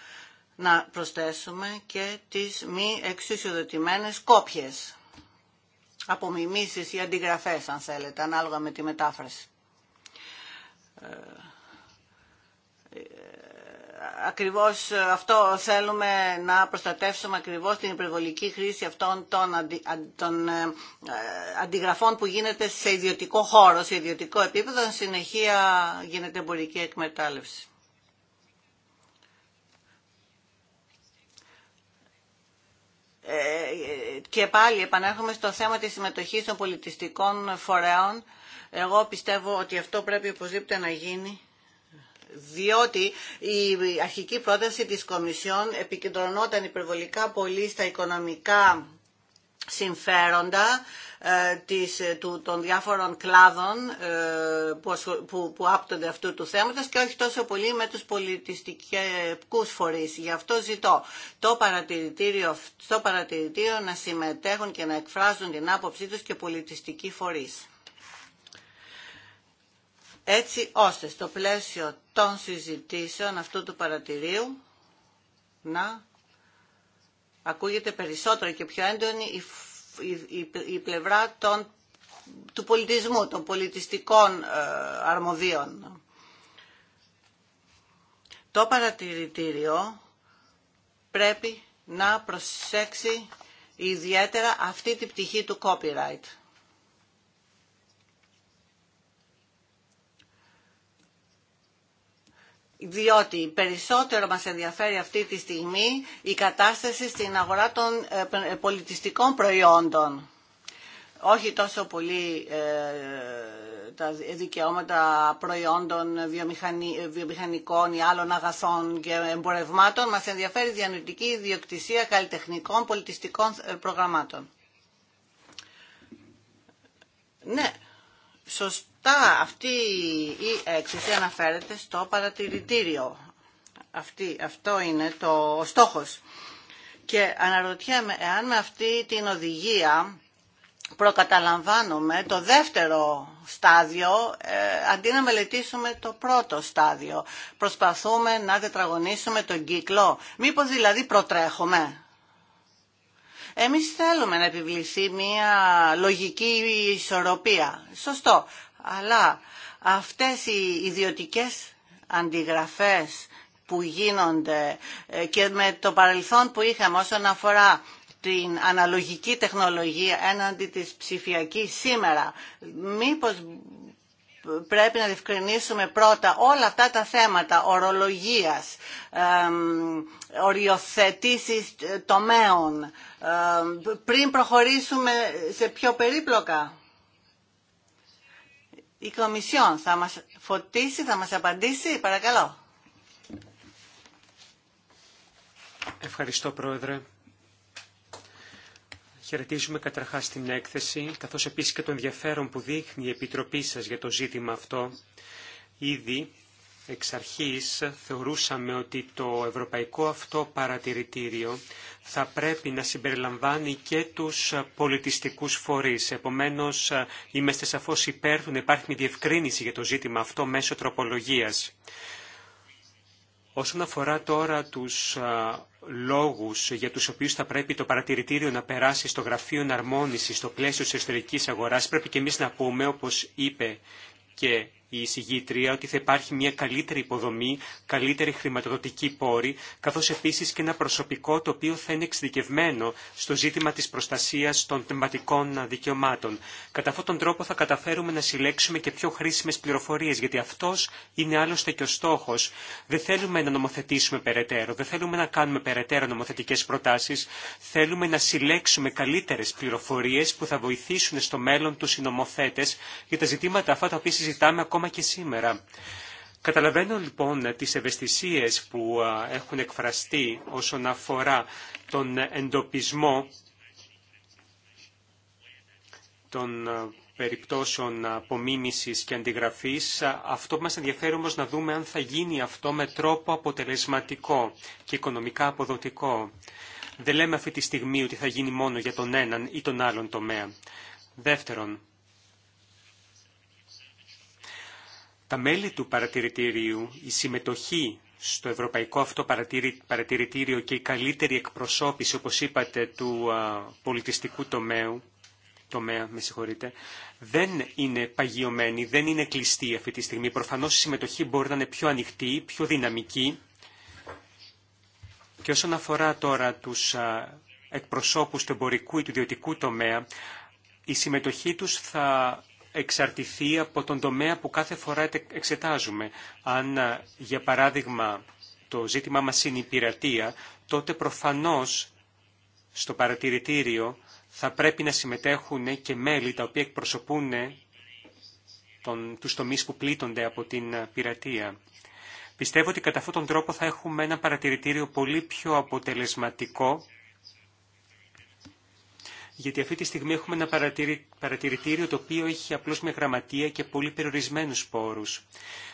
Speaker 2: Να προσθέσουμε και τις μη εξουσιοδοτημένες κόπιες απομιμήσεις ή αντιγραφές, αν θέλετε, ανάλογα με τη μετάφραση. Ε, ακριβώς αυτό θέλουμε να προστατεύσουμε ακριβώς την υπερβολική χρήση αυτών των, αντι, των ε, αντιγραφών που γίνεται σε ιδιωτικό χώρο, σε ιδιωτικό επίπεδο, συνεχεία γίνεται εμπορική εκμετάλλευση. Ε, και πάλι επανέρχομαι στο θέμα της συμμετοχής των πολιτιστικών φορέων. Εγώ πιστεύω ότι αυτό πρέπει οπωσδήποτε να γίνει διότι η αρχική πρόταση της Κομισιόν επικεντρωνόταν υπερβολικά πολύ στα οικονομικά συμφέροντα ε, της, ε, των διάφορων κλάδων ε, που, που, που άπτονται αυτού του θέματος και όχι τόσο πολύ με τους πολιτιστικούς φορείς. Γι' αυτό ζητώ το παρατηρητήριο, στο παρατηρητήριο να συμμετέχουν και να εκφράζουν την άποψή τους και πολιτιστικοί φορείς. Έτσι ώστε στο πλαίσιο των συζητήσεων αυτού του παρατηρίου να ακούγεται περισσότερο και πιο έντονη η, η, η πλευρά των, του πολιτισμού, των πολιτιστικών ε, αρμοδίων. Το παρατηρητήριο πρέπει να προσέξει ιδιαίτερα αυτή την πτυχή του copyright. διότι περισσότερο μας ενδιαφέρει αυτή τη στιγμή η κατάσταση στην αγορά των ε, ε, πολιτιστικών προϊόντων. Όχι τόσο πολύ ε, τα δικαιώματα προϊόντων βιομηχανικών ή άλλων αγαθών και εμπορευμάτων. Μας ενδιαφέρει η διανοητική ιδιοκτησία καλλιτεχνικών πολιτιστικών προγραμμάτων. Ναι, σωστά αυτή η έκθεση αναφέρεται στο παρατηρητήριο. αυτό είναι το, ο στόχος. Και αναρωτιέμαι εάν με αυτή την οδηγία προκαταλαμβάνουμε το δεύτερο στάδιο ε, αντί να μελετήσουμε το πρώτο στάδιο. Προσπαθούμε να τετραγωνίσουμε τον κύκλο. Μήπως δηλαδή προτρέχουμε εμείς θέλουμε να επιβληθεί μια λογική ισορροπία. Σωστό. Αλλά αυτές οι ιδιωτικές αντιγραφές που γίνονται ε, και με το παρελθόν που είχαμε όσον αφορά την αναλογική τεχνολογία έναντι της ψηφιακής σήμερα. Μήπως πρέπει να διευκρινίσουμε πρώτα όλα αυτά τα θέματα ορολογίας, οριοθετήσεις τομέων, πριν προχωρήσουμε σε πιο περίπλοκα. Η Κομισιόν θα μας φωτίσει, θα μας απαντήσει, παρακαλώ.
Speaker 4: Ευχαριστώ Πρόεδρε. Χαιρετίζουμε καταρχάς την έκθεση, καθώς επίσης και το ενδιαφέρον που δείχνει η Επιτροπή σας για το ζήτημα αυτό. Ήδη εξ αρχής θεωρούσαμε ότι το ευρωπαϊκό αυτό παρατηρητήριο θα πρέπει να συμπεριλαμβάνει και τους πολιτιστικούς φορείς. Επομένως, ε, είμαστε σαφώς υπέρ του να υπάρχει μια διευκρίνηση για το ζήτημα αυτό μέσω τροπολογίας. Όσον αφορά τώρα τους λόγου λόγους για τους οποίους θα πρέπει το παρατηρητήριο να περάσει στο γραφείο εναρμόνισης στο πλαίσιο της εσωτερικής αγοράς, πρέπει και εμείς να πούμε, όπως είπε και η εισηγήτρια ότι θα υπάρχει μια καλύτερη υποδομή, καλύτερη χρηματοδοτική πόρη, καθώς επίσης και ένα προσωπικό το οποίο θα είναι εξειδικευμένο στο ζήτημα της προστασίας των πνευματικών δικαιωμάτων. Κατά αυτόν τον τρόπο θα καταφέρουμε να συλλέξουμε και πιο χρήσιμες πληροφορίες, γιατί αυτός είναι άλλωστε και ο στόχος. Δεν θέλουμε να νομοθετήσουμε περαιτέρω, δεν θέλουμε να κάνουμε περαιτέρω νομοθετικές προτάσεις, θέλουμε να συλλέξουμε καλύτερες πληροφορίες που θα βοηθήσουν στο μέλλον τους συνομοθέτες για τα ζητήματα αυτά τα οποία συζητάμε ακόμα και σήμερα. Καταλαβαίνω λοιπόν τις ευαισθησίες που έχουν εκφραστεί όσον αφορά τον εντοπισμό των περιπτώσεων απομίμησης και αντιγραφής. Αυτό που μας ενδιαφέρει όμως να δούμε αν θα γίνει αυτό με τρόπο αποτελεσματικό και οικονομικά αποδοτικό. Δεν λέμε αυτή τη στιγμή ότι θα γίνει μόνο για τον έναν ή τον άλλον τομέα. Δεύτερον, τα μέλη του παρατηρητηρίου, η συμμετοχή στο Ευρωπαϊκό αυτό παρατηρητήριο και η καλύτερη εκπροσώπηση, όπως είπατε, του πολιτιστικού τομέου, τομέα, με συγχωρείτε, δεν είναι παγιωμένη, δεν είναι κλειστή αυτή τη στιγμή. Προφανώς η συμμετοχή μπορεί να είναι πιο ανοιχτή, πιο δυναμική. Και όσον αφορά τώρα τους εκπροσώπους του εμπορικού ή του ιδιωτικού τομέα, η συμμετοχή τους θα εξαρτηθεί από τον τομέα που κάθε φορά εξετάζουμε. Αν, για παράδειγμα, το ζήτημά μας είναι η πειρατεία, τότε προφανώς στο παρατηρητήριο θα πρέπει να συμμετέχουν και μέλη τα οποία εκπροσωπούν τον, τους τομείς που πλήττονται από την πειρατεία. Πιστεύω ότι κατά αυτόν τον τρόπο θα έχουμε ένα παρατηρητήριο πολύ πιο αποτελεσματικό γιατί αυτή τη στιγμή έχουμε ένα παρατηρητήριο το οποίο έχει απλώς μια γραμματεία και πολύ περιορισμένους πόρους.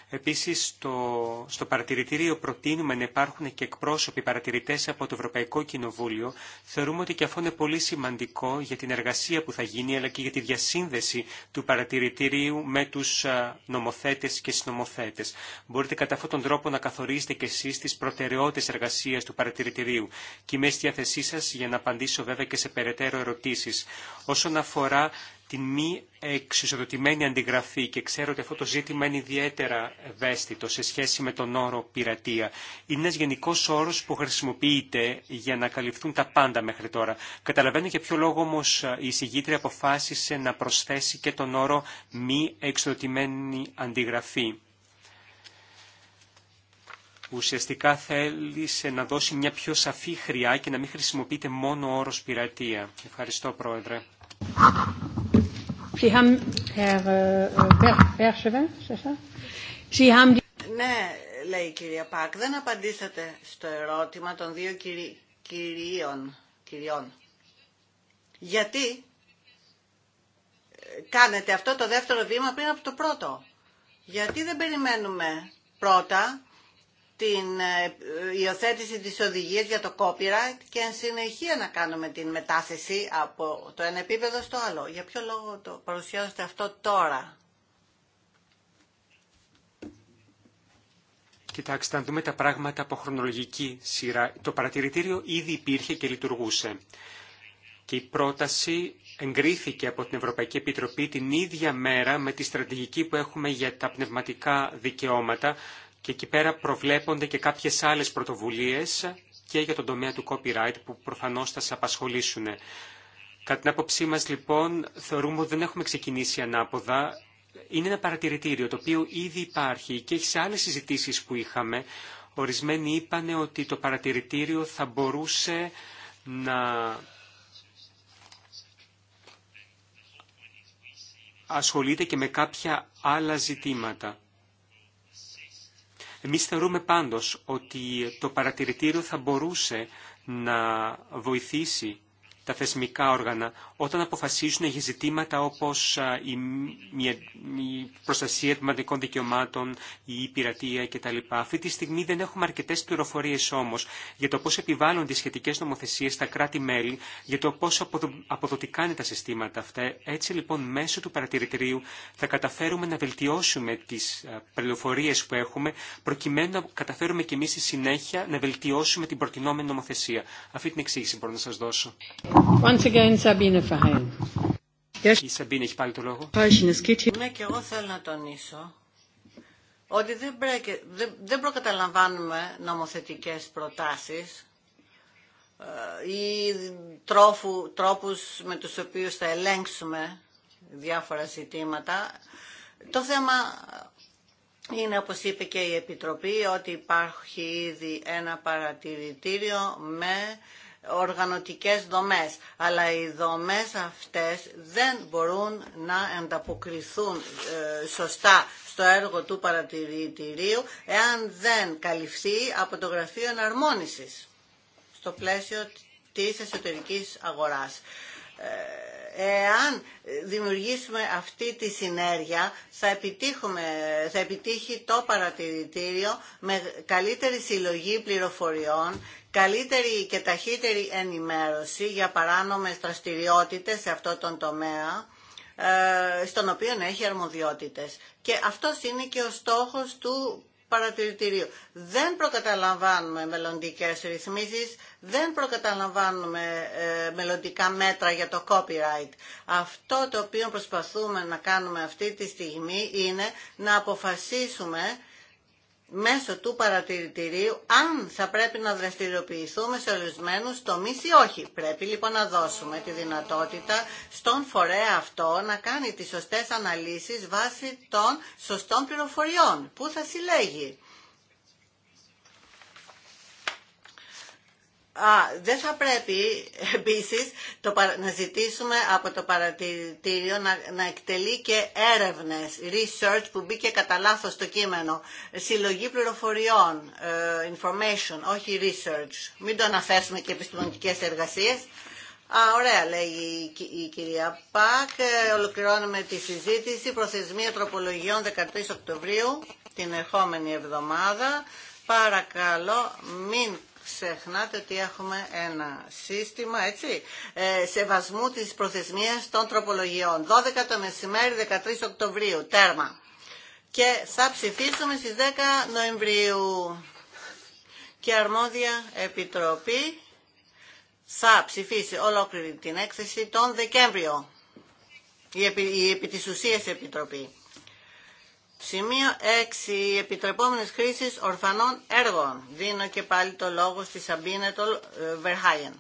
Speaker 4: Επίσης, στο, στο παρατηρητήριο προτείνουμε να υπάρχουν και εκπρόσωποι παρατηρητές από το Ευρωπαϊκό Κοινοβούλιο. Θεωρούμε ότι και αυτό είναι πολύ σημαντικό για την εργασία που θα γίνει, αλλά και για τη διασύνδεση του παρατηρητήριου με τους νομοθέτες και συνομοθέτες. Μπορείτε κατά αυτόν τον τρόπο να καθορίσετε και εσείς τις προτεραιότητες εργασίας του παρατηρητηρίου και είμαι στη διάθεσή σας για να απαντήσω βέβαια και σε περαιτέρω ερωτήσεις. Όσον αφορά την μη εξισοδοτημένη αντιγραφή και ξέρω ότι αυτό το ζήτημα είναι ιδιαίτερα ευαίσθητο σε σχέση με τον όρο πειρατεία. Είναι ένας γενικός όρος που χρησιμοποιείται για να καλυφθούν τα πάντα μέχρι τώρα. Καταλαβαίνω για ποιο λόγο όμω η εισηγήτρια αποφάσισε να προσθέσει και τον όρο μη εξουσιοδοτημένη αντιγραφή. Ουσιαστικά θέλησε να δώσει μια πιο σαφή χρειά και να μην χρησιμοποιείται μόνο όρο όρος πειρατεία. Ευχαριστώ Πρόεδρε.
Speaker 1: Ναι,
Speaker 2: λέει η κυρία Πακ, δεν απαντήσατε στο ερώτημα των δύο κυρι... κυρίων, κυριών. Γιατί ε, κάνετε αυτό το δεύτερο βήμα πριν από το πρώτο. Γιατί δεν περιμένουμε πρώτα την ε, υιοθέτηση της οδηγίας για το copyright και εν συνεχεία να κάνουμε την μετάθεση από το ένα επίπεδο στο άλλο. Για ποιο λόγο το παρουσιάζετε αυτό τώρα.
Speaker 4: Κοιτάξτε, αν δούμε τα πράγματα από χρονολογική σειρά, το παρατηρητήριο ήδη υπήρχε και λειτουργούσε. Και η πρόταση εγκρίθηκε από την Ευρωπαϊκή Επιτροπή την ίδια μέρα με τη στρατηγική που έχουμε για τα πνευματικά δικαιώματα και εκεί πέρα προβλέπονται και κάποιες άλλες πρωτοβουλίες και για τον τομέα του copyright που προφανώς θα σας απασχολήσουν. Κατά την άποψή μας λοιπόν θεωρούμε ότι δεν έχουμε ξεκινήσει ανάποδα. Είναι ένα παρατηρητήριο το οποίο ήδη υπάρχει και έχει σε άλλες συζητήσεις που είχαμε. Ορισμένοι είπαν ότι το παρατηρητήριο θα μπορούσε να ασχολείται και με κάποια άλλα ζητήματα. Εμείς θεωρούμε πάντως ότι το παρατηρητήριο θα μπορούσε να βοηθήσει τα θεσμικά όργανα όταν αποφασίζουν για ζητήματα όπως η προστασία δημοτικών δικαιωμάτων, η πειρατεία κτλ. Αυτή τη στιγμή δεν έχουμε αρκετές πληροφορίες όμως για το πώς επιβάλλονται οι σχετικές νομοθεσίες στα κράτη-μέλη, για το πώς αποδοτικά είναι τα συστήματα αυτά. Έτσι λοιπόν μέσω του παρατηρητηρίου θα καταφέρουμε να βελτιώσουμε τις πληροφορίες που έχουμε προκειμένου να καταφέρουμε και εμείς στη συνέχεια να βελτιώσουμε την προτινόμενη νομοθεσία. Αυτή την εξήγηση μπορώ να σας δώσω. Once πάλι το λόγο. Ναι,
Speaker 2: και εγώ θέλω να τονίσω ότι δεν, προκαταλαμβάνουμε νομοθετικές προτάσεις ε, ή τρόφου, τρόπους με τους οποίους θα ελέγξουμε διάφορα ζητήματα. Το θέμα είναι, όπως είπε και η Επιτροπή, ότι υπάρχει ήδη ένα παρατηρητήριο με οργανωτικές δομές, αλλά οι δομές αυτές δεν μπορούν να ανταποκριθούν ε, σωστά στο έργο του παρατηρητηρίου εάν δεν καλυφθεί από το Γραφείο Εναρμόνισης στο πλαίσιο της εσωτερικής αγοράς εάν δημιουργήσουμε αυτή τη συνέργεια θα, επιτύχουμε, θα επιτύχει το παρατηρητήριο με καλύτερη συλλογή πληροφοριών, καλύτερη και ταχύτερη ενημέρωση για παράνομες δραστηριότητες σε αυτό τον τομέα ε, στον οποίο έχει αρμοδιότητες. Και αυτό είναι και ο στόχος του παρατηρητηρίου. Δεν προκαταλαμβάνουμε μελλοντικέ ρυθμίσεις, δεν προκαταλαμβάνουμε ε, μελλοντικά μέτρα για το copyright. Αυτό το οποίο προσπαθούμε να κάνουμε αυτή τη στιγμή είναι να αποφασίσουμε μέσω του παρατηρητηρίου αν θα πρέπει να δραστηριοποιηθούμε σε ορισμένου τομείς ή όχι. Πρέπει λοιπόν να δώσουμε τη δυνατότητα στον φορέα αυτό να κάνει τις σωστές αναλύσεις βάσει των σωστών πληροφοριών που θα συλλέγει. Α, δεν θα πρέπει ε, επίσης το, να ζητήσουμε από το παρατηρητήριο να, να εκτελεί και έρευνες, research που μπήκε κατά λάθο στο κείμενο, συλλογή πληροφοριών, ε, information, όχι research. Μην το αναφέρσουμε και επιστημονικές εργασίες. Α, ωραία, λέει η, η κυρία Πακ. Ε, ολοκληρώνουμε τη συζήτηση. Προθεσμία τροπολογιών 13 Οκτωβρίου, την ερχόμενη εβδομάδα. Παρακαλώ, μην ξεχνάτε ότι έχουμε ένα σύστημα, έτσι, ε, σεβασμού της προθεσμίας των τροπολογιών. 12 το μεσημέρι, 13 Οκτωβρίου, τέρμα. Και θα ψηφίσουμε στις 10 Νοεμβρίου. Και αρμόδια επιτροπή θα ψηφίσει ολόκληρη την έκθεση τον Δεκέμβριο. Η επί, η επί επιτροπή. Σημείο 6. επιτρεπόμενες χρήσεις ορφανών έργων. Δίνω και πάλι το λόγο στη Σαμπίνετολ το ε, Βερχάιεν.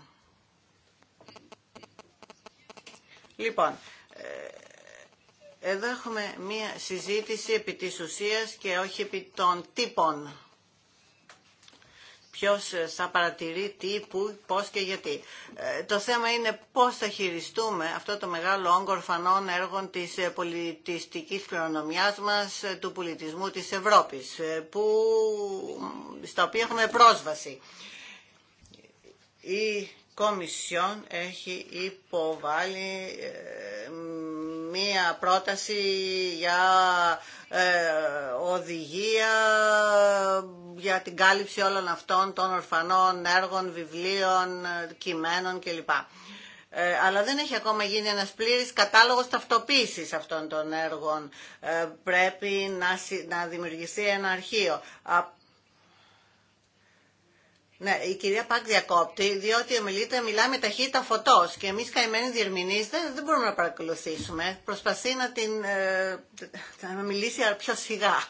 Speaker 2: Λοιπόν, ε, εδώ έχουμε μία συζήτηση επί της ουσίας και όχι επί των τύπων ποιος ε, θα παρατηρεί τι, πού, πώς και γιατί. Ε, το θέμα είναι πώς θα χειριστούμε αυτό το μεγάλο όγκο ορφανών έργων της ε, πολιτιστικής κληρονομιάς μας, του πολιτισμού της Ευρώπης, που, στα οποία έχουμε πρόσβαση. Η Κομισιόν έχει υποβάλει μία πρόταση για ε, οδηγία για την κάλυψη όλων αυτών των ορφανών έργων, βιβλίων, κειμένων κλπ. Ε, αλλά δεν έχει ακόμα γίνει ένας πλήρης κατάλογος ταυτοποίησης αυτών των έργων. Ε, πρέπει να, να δημιουργηθεί ένα αρχείο. Ναι, η κυρία Πακ διακόπτει, διότι ομιλείται μιλά με ταχύτητα φωτό και εμεί καημένοι διερμηνεί δεν, δεν μπορούμε να παρακολουθήσουμε. Προσπαθεί να την ε, να μιλήσει πιο σιγά.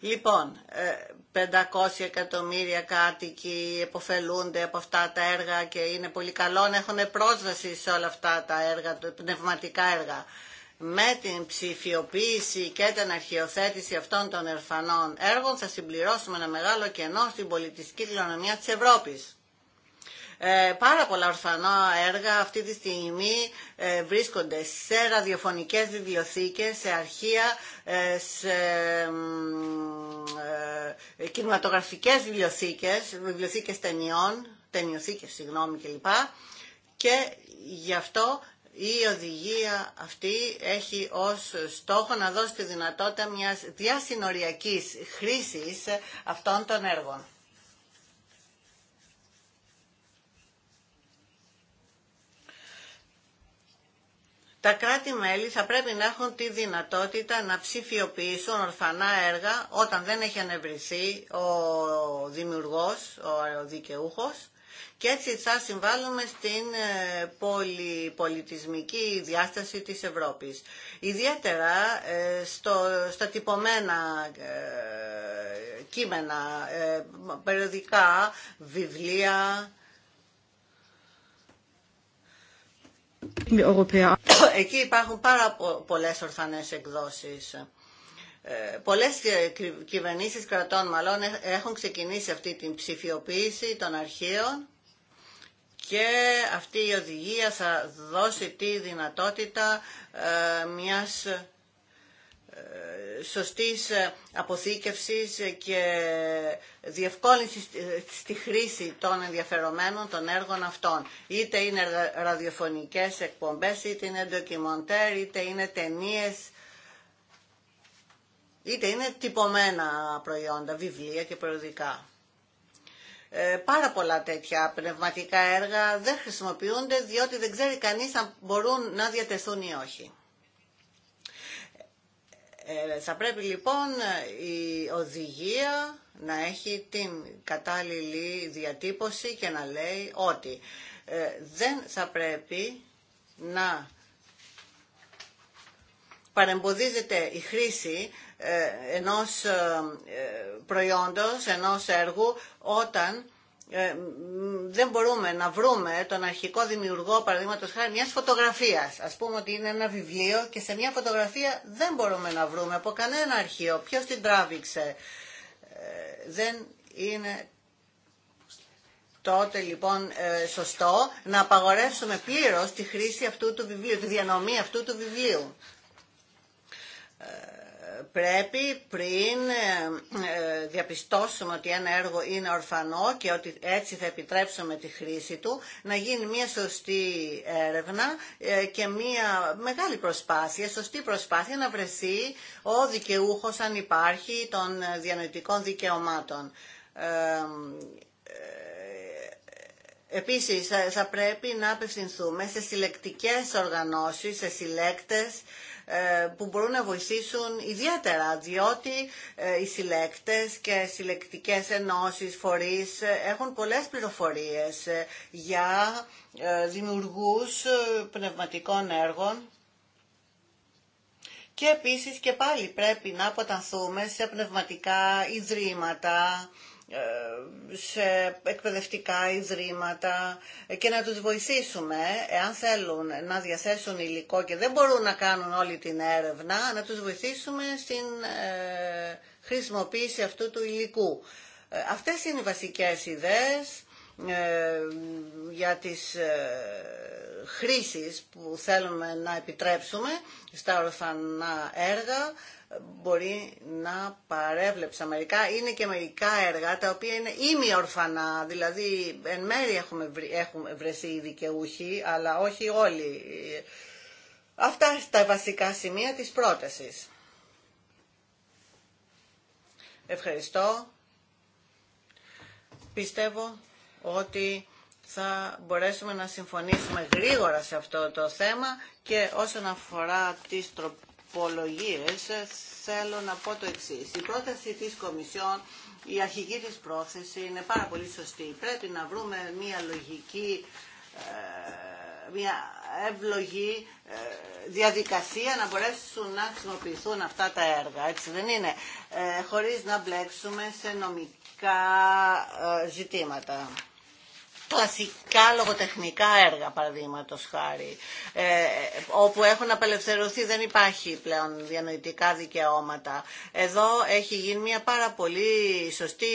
Speaker 2: Λοιπόν, 500 ε, εκατομμύρια κάτοικοι εποφελούνται από αυτά τα έργα και είναι πολύ καλό να έχουν πρόσβαση σε όλα αυτά τα έργα, πνευματικά έργα με την ψηφιοποίηση και την αρχαιοθέτηση αυτών των ερφανών έργων θα συμπληρώσουμε ένα μεγάλο κενό στην πολιτιστική κληρονομιά της Ευρώπης. Ε, πάρα πολλά ορφανά έργα αυτή τη στιγμή ε, βρίσκονται σε ραδιοφωνικές βιβλιοθήκες, σε αρχεία, ε, σε κινηματογραφικές βιβλιοθήκες, βιβλιοθήκες ταινιών, ταινιοθήκες συγγνώμη κλπ. Και γι' αυτό η οδηγία αυτή έχει ως στόχο να δώσει τη δυνατότητα μιας διασυνοριακής χρήσης αυτών των έργων. Τα κράτη-μέλη θα πρέπει να έχουν τη δυνατότητα να ψηφιοποιήσουν ορφανά έργα όταν δεν έχει ανεβρηθεί ο δημιουργός, ο δικαιούχος και έτσι θα συμβάλλουμε στην ε, πολυπολιτισμική διάσταση της Ευρώπης. Ιδιαίτερα ε, στο, στα τυπωμένα ε, κείμενα, περιοδικά, βιβλία... Εκεί υπάρχουν πάρα πολλές ορθανές εκδόσεις. Πολλές κυβερνήσεις κρατών μαλλών έχουν ξεκινήσει αυτή την ψηφιοποίηση των αρχείων και αυτή η οδηγία θα δώσει τη δυνατότητα ε, μιας ε, σωστής αποθήκευσης και διευκόλυνσης στη χρήση των ενδιαφερομένων των έργων αυτών. Είτε είναι ραδιοφωνικές εκπομπές, είτε είναι ντοκιμοντέρ, είτε είναι ταινίες, είτε είναι τυπωμένα προϊόντα, βιβλία και περιοδικά. Ε, πάρα πολλά τέτοια πνευματικά έργα δεν χρησιμοποιούνται διότι δεν ξέρει κανείς αν μπορούν να διατεθούν ή όχι. Ε, θα πρέπει λοιπόν η οδηγία να έχει την κατάλληλη διατύπωση και να λέει ότι ε, δεν θα πρέπει να παρεμποδίζεται η χρήση ε, ενός ε, ε, προϊόντος, ενός έργου, όταν δεν μπορούμε να βρούμε τον αρχικό δημιουργό, παραδείγματος χάρη, μιας φωτογραφίας. Ας πούμε ότι είναι ένα βιβλίο και σε μια φωτογραφία δεν μπορούμε να βρούμε από κανένα αρχείο ποιος την τράβηξε. Δεν είναι τότε λοιπόν σωστό να απαγορεύσουμε πλήρως τη χρήση αυτού του βιβλίου, τη διανομή αυτού του βιβλίου πρέπει πριν ε, ε, διαπιστώσουμε ότι ένα έργο είναι ορφανό και ότι έτσι θα επιτρέψουμε τη χρήση του, να γίνει μια σωστή έρευνα ε, και μια μεγάλη προσπάθεια, σωστή προσπάθεια να βρεθεί ο δικαιούχος αν υπάρχει των διανοητικών δικαιωμάτων. Επίσης θα πρέπει να απευθυνθούμε σε συλλεκτικές οργανώσεις, σε συλλέκτες, ε, που μπορούν να βοηθήσουν ιδιαίτερα, διότι ε, οι συλλέκτες και συλλεκτικές ενώσεις, φορείς ε, έχουν πολλές πληροφορίες για δημιουργούς πνευματικών έργων και επίσης και πάλι πρέπει να αποτανθούμε σε πνευματικά ιδρύματα, ε, σε εκπαιδευτικά ιδρύματα και να τους βοηθήσουμε εάν θέλουν να διαθέσουν υλικό και δεν μπορούν να κάνουν όλη την έρευνα να τους βοηθήσουμε στην ε, χρησιμοποίηση αυτού του υλικού. Ε, αυτές είναι οι βασικές ιδέες για τις χρήσεις που θέλουμε να επιτρέψουμε στα ορφανά έργα μπορεί να παρέβλεψα. Μερικά είναι και μερικά έργα τα οποία είναι ημιορφανά, δηλαδή εν μέρη έχουμε, έχουμε βρεθεί οι δικαιούχοι, αλλά όχι όλοι. Αυτά τα βασικά σημεία της πρότασης. Ευχαριστώ. Πιστεύω ότι θα μπορέσουμε να συμφωνήσουμε γρήγορα σε αυτό το θέμα και όσον αφορά τις τροπές απολογίες θέλω να πω το εξή. Η πρόταση της Κομισιόν, η αρχική της πρόθεση είναι πάρα πολύ σωστή. Πρέπει να βρούμε μια λογική, ε, μια ευλογή ε, διαδικασία να μπορέσουν να χρησιμοποιηθούν αυτά τα έργα. Έτσι δεν είναι. Ε, χωρίς να μπλέξουμε σε νομικά ζητήματα κλασικά λογοτεχνικά έργα παραδείγματος χάρη ε, όπου έχουν απελευθερωθεί δεν υπάρχει πλέον διανοητικά δικαιώματα εδώ έχει γίνει μια πάρα πολύ σωστή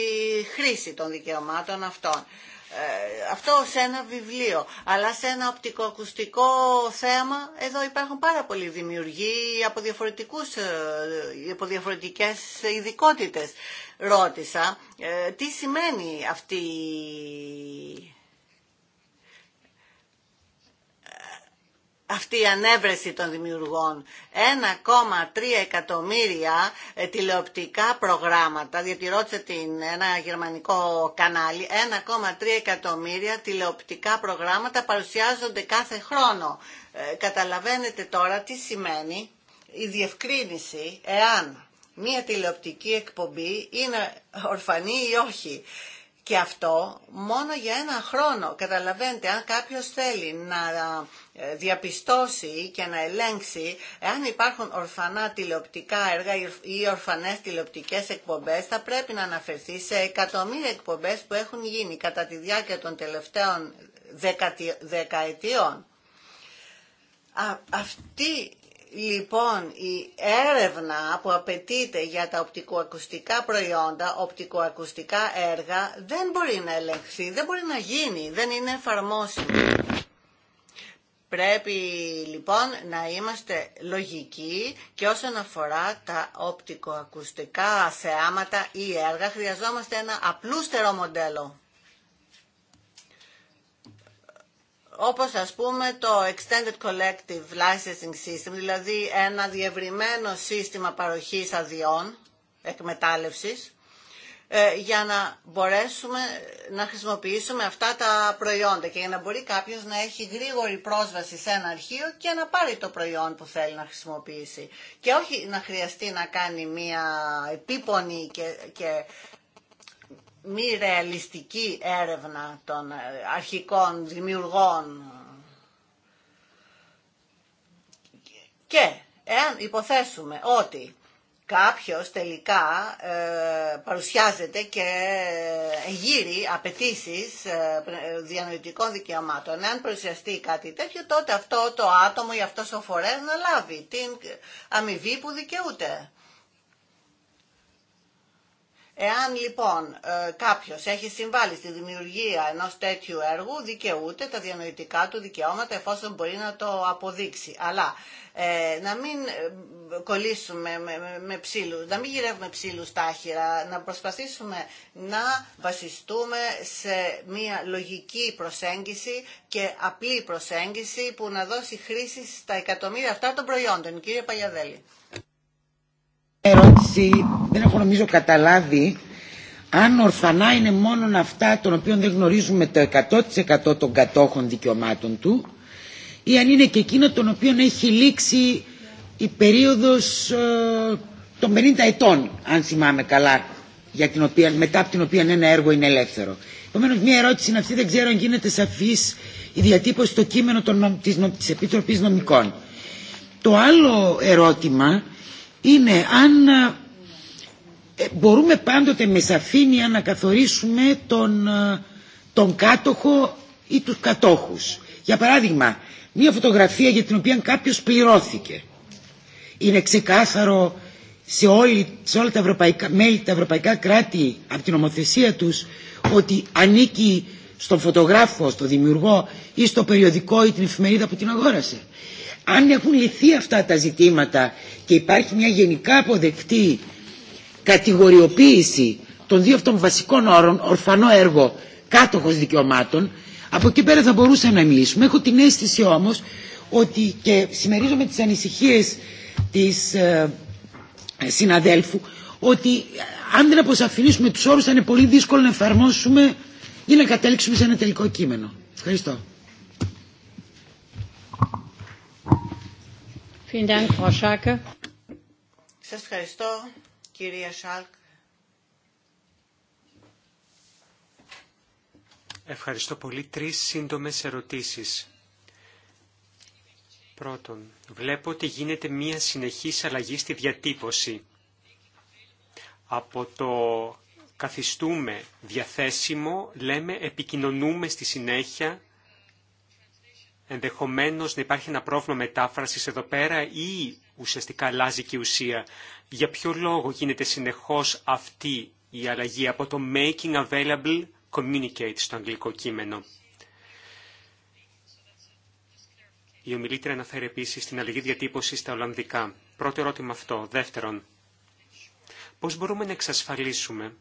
Speaker 2: χρήση των δικαιωμάτων αυτών ε, αυτό σε ένα βιβλίο αλλά σε ένα οπτικοακουστικό θέμα εδώ υπάρχουν πάρα πολλοί δημιουργοί από, διαφορετικούς, ε, από διαφορετικές ειδικότητες ρώτησα ε, τι σημαίνει αυτή αυτή η ανέβρεση των δημιουργών. 1,3 εκατομμύρια ε, τηλεοπτικά προγράμματα, διότι ρώτησε την, ένα γερμανικό κανάλι, 1,3 εκατομμύρια τηλεοπτικά προγράμματα παρουσιάζονται κάθε χρόνο. Ε, καταλαβαίνετε τώρα τι σημαίνει η διευκρίνηση εάν μία τηλεοπτική εκπομπή είναι ορφανή ή όχι. Και αυτό μόνο για ένα χρόνο. Καταλαβαίνετε, αν κάποιος θέλει να ε, διαπιστώσει και να ελέγξει εάν υπάρχουν ορφανά τηλεοπτικά έργα ή ορφανές τηλεοπτικές εκπομπές θα πρέπει να αναφερθεί σε εκατομμύρια εκπομπές που έχουν γίνει κατά τη διάρκεια των τελευταίων δεκαετιών. Α, αυτή λοιπόν η έρευνα που εχουν γινει κατα τη διαρκεια των τελευταιων δεκαετιων αυτη λοιπον η ερευνα που απαιτειται για τα οπτικοακουστικά προϊόντα, οπτικοακουστικά έργα δεν μπορεί να ελεγχθεί, δεν μπορεί να γίνει, δεν είναι εφαρμόσιμη. Πρέπει λοιπόν να είμαστε λογικοί και όσον αφορά τα οπτικοακουστικά θεάματα ή έργα χρειαζόμαστε ένα απλούστερο μοντέλο. Όπως ας πούμε το Extended Collective Licensing System, δηλαδή ένα διευρυμένο σύστημα παροχής αδειών εκμετάλλευσης, ε, για να μπορέσουμε να χρησιμοποιήσουμε αυτά τα προϊόντα και για να μπορεί κάποιος να έχει γρήγορη πρόσβαση σε ένα αρχείο και να πάρει το προϊόν που θέλει να χρησιμοποιήσει και όχι να χρειαστεί να κάνει μία επίπονη και, και μη ρεαλιστική έρευνα των αρχικών δημιουργών και εάν υποθέσουμε ότι κάποιος τελικά ε, παρουσιάζεται και γύρει απαιτήσει ε, διανοητικών δικαιωμάτων. Εάν παρουσιαστεί κάτι τέτοιο, τότε αυτό το άτομο ή αυτός ο φορέας να λάβει την αμοιβή που δικαιούται. Εάν λοιπόν ε, κάποιος έχει συμβάλει στη δημιουργία ενός τέτοιου έργου, δικαιούται τα διανοητικά του δικαιώματα εφόσον μπορεί να το αποδείξει. Αλλά ε, να μην ε, κολλήσουμε με, με, ψήλους, να μην γυρεύουμε ψήλους τάχυρα, να προσπαθήσουμε να βασιστούμε σε μια λογική προσέγγιση και απλή προσέγγιση που να δώσει χρήση στα εκατομμύρια αυτά των προϊόντων. Κύριε Παγιαδέλη
Speaker 3: ερώτηση δεν έχω νομίζω καταλάβει αν ορφανά είναι μόνο αυτά των οποίων δεν γνωρίζουμε το 100% των κατόχων δικαιωμάτων του ή αν είναι και εκείνο των οποίων έχει λήξει η αν ειναι και εκεινο τον οποιο εχει ληξει η περιοδος ε, των 50 ετών αν θυμάμαι καλά για την οποία, μετά από την οποία ένα έργο είναι ελεύθερο. Επομένω, μια ερώτηση είναι αυτή, δεν ξέρω αν γίνεται σαφής η διατύπωση στο κείμενο των, της, της Επιτροπής Νομικών. Το άλλο ερώτημα είναι αν ε, μπορούμε πάντοτε με σαφήνεια να καθορίσουμε τον, ε, τον κάτοχο ή τους κατόχους. Για παράδειγμα, μία φωτογραφία για την οποία κάποιος πληρώθηκε. Είναι ξεκάθαρο σε, όλη, σε όλα τα ευρωπαϊκά, μέλη τα ευρωπαϊκά κράτη από την ομοθεσία τους ότι ανήκει στον φωτογράφο, στον δημιουργό ή στο περιοδικό ή την εφημερίδα που την αγόρασε αν έχουν λυθεί αυτά τα ζητήματα και υπάρχει μια γενικά αποδεκτή κατηγοριοποίηση των δύο αυτών βασικών όρων, ορφανό έργο, κάτοχος δικαιωμάτων, από εκεί πέρα θα μπορούσαμε να μιλήσουμε. Έχω την αίσθηση όμως ότι και συμμερίζομαι τις ανησυχίες της ε, συναδέλφου ότι αν δεν αποσαφηνίσουμε τους όρους θα είναι πολύ δύσκολο να εφαρμόσουμε ή να κατέληξουμε σε ένα τελικό κείμενο. Ευχαριστώ.
Speaker 2: ευχαριστώ, κυρία Σάλκ.
Speaker 4: Ευχαριστώ πολύ. Τρεις σύντομες ερωτήσεις. Πρώτον, βλέπω ότι γίνεται μία συνεχής αλλαγή στη διατύπωση. Από το καθιστούμε διαθέσιμο, λέμε επικοινωνούμε στη συνέχεια Ενδεχομένω να υπάρχει ένα πρόβλημα μετάφραση εδώ πέρα ή ουσιαστικά αλλάζει και η ουσία. Για ποιο λόγο γίνεται συνεχώς αυτή η αλλαγή από το making available communicate στο αγγλικό κείμενο. Η ομιλήτρια αναφέρει επίση την αλλαγή διατύπωση στα Ολλανδικά. Πρώτο ερώτημα αυτό. Δεύτερον, πώς μπορούμε να εξασφαλίσουμε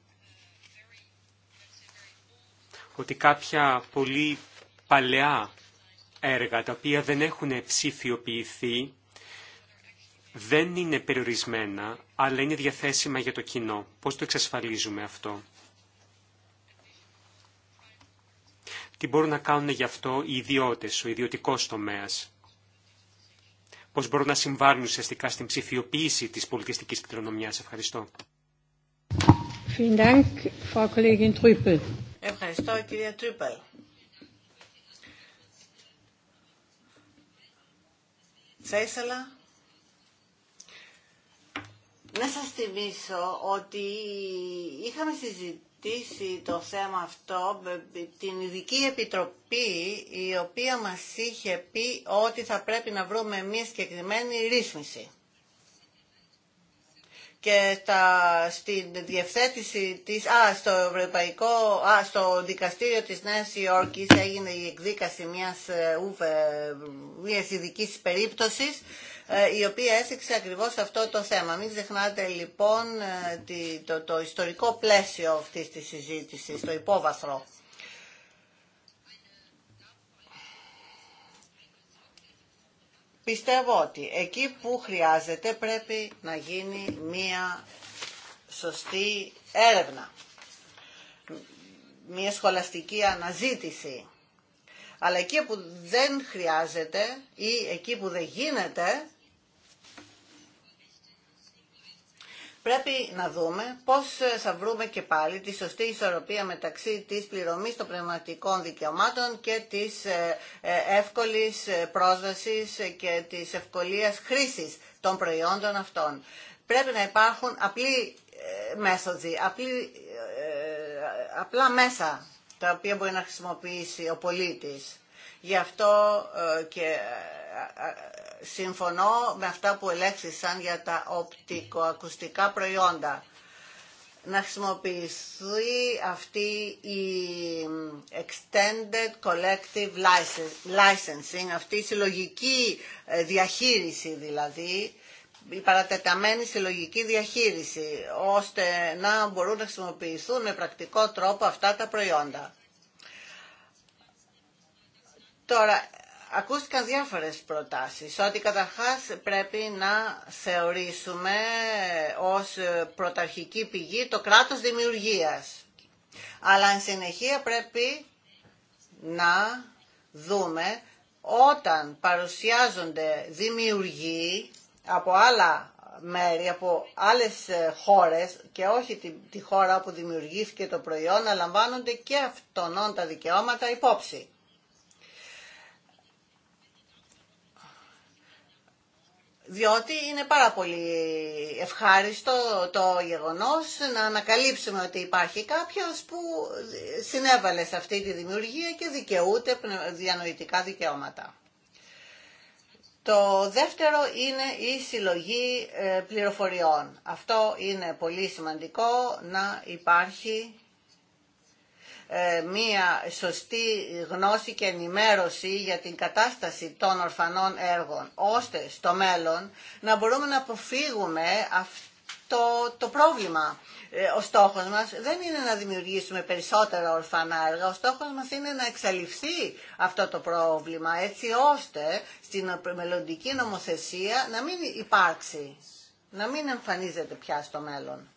Speaker 4: ότι κάποια πολύ παλαιά έργα τα οποία δεν έχουν ψηφιοποιηθεί δεν είναι περιορισμένα, αλλά είναι διαθέσιμα για το κοινό. Πώς το εξασφαλίζουμε αυτό. Τι μπορούν να κάνουν γι' αυτό οι ιδιώτες, ο ιδιωτικός τομέας. Πώς μπορούν να συμβάλλουν ουσιαστικά στην ψηφιοποίηση της πολιτιστικής κληρονομιάς. Ευχαριστώ.
Speaker 2: Ευχαριστώ, κυρία Τρύπελ. Θα ήθελα να σας θυμίσω ότι είχαμε συζητήσει το θέμα αυτό την Ειδική Επιτροπή η οποία μας είχε πει ότι θα πρέπει να βρούμε μια συγκεκριμένη ρύθμιση και στα στην διευθέτηση της, α, στο, Ευρωπαϊκό, α, στο δικαστήριο της Νέας Υόρκης έγινε η εκδίκαση μιας, ε, μιας ειδικής περίπτωσης ε, η οποία έθιξε ακριβώς αυτό το θέμα. Μην ξεχνάτε λοιπόν ε, το, το ιστορικό πλαίσιο αυτής της συζήτησης, το υπόβαθρο. πιστεύω ότι εκεί που χρειάζεται πρέπει να γίνει μία σωστή έρευνα, μία σχολαστική αναζήτηση. Αλλά εκεί που δεν χρειάζεται ή εκεί που δεν γίνεται, Πρέπει να δούμε πώς θα βρούμε και πάλι τη σωστή ισορροπία μεταξύ της πληρωμής των πνευματικών δικαιωμάτων και της ε, ε, εύκολης ε, πρόσβασης και της ευκολίας χρήσης των προϊόντων αυτών. Πρέπει να υπάρχουν απλοί μέθοδοι, απλή, απλά μέσα τα οποία μπορεί να χρησιμοποιήσει ο πολίτης. Γι' αυτό και συμφωνώ με αυτά που ελέγχθησαν για τα οπτικοακουστικά προϊόντα. Να χρησιμοποιηθεί αυτή η Extended Collective Licensing, αυτή η συλλογική ε, διαχείριση δηλαδή, η παρατεταμένη συλλογική διαχείριση, ώστε να μπορούν να χρησιμοποιηθούν με πρακτικό τρόπο αυτά τα προϊόντα. Τώρα, ακούστηκαν διάφορες προτάσεις, ότι καταρχάς πρέπει να θεωρήσουμε ως πρωταρχική πηγή το κράτος δημιουργίας. Αλλά εν συνεχεία πρέπει να δούμε όταν παρουσιάζονται δημιουργοί από άλλα μέρη, από άλλες χώρες και όχι τη, τη χώρα όπου δημιουργήθηκε το προϊόν, να λαμβάνονται και αυτονών τα δικαιώματα υπόψη. διότι είναι πάρα πολύ ευχάριστο το γεγονός να ανακαλύψουμε ότι υπάρχει κάποιος που συνέβαλε σε αυτή τη δημιουργία και δικαιούται διανοητικά δικαιώματα. Το δεύτερο είναι η συλλογή ε, πληροφοριών. Αυτό είναι πολύ σημαντικό να υπάρχει ε, μία σωστή γνώση και ενημέρωση για την κατάσταση των ορφανών έργων, ώστε στο μέλλον να μπορούμε να αποφύγουμε αυτό το πρόβλημα. Ε, ο στόχος μας δεν είναι να δημιουργήσουμε περισσότερα ορφανά έργα, ο στόχος μας είναι να εξαλειφθεί αυτό το πρόβλημα, έτσι ώστε στην μελλοντική νομοθεσία να μην υπάρξει, να μην εμφανίζεται πια στο μέλλον.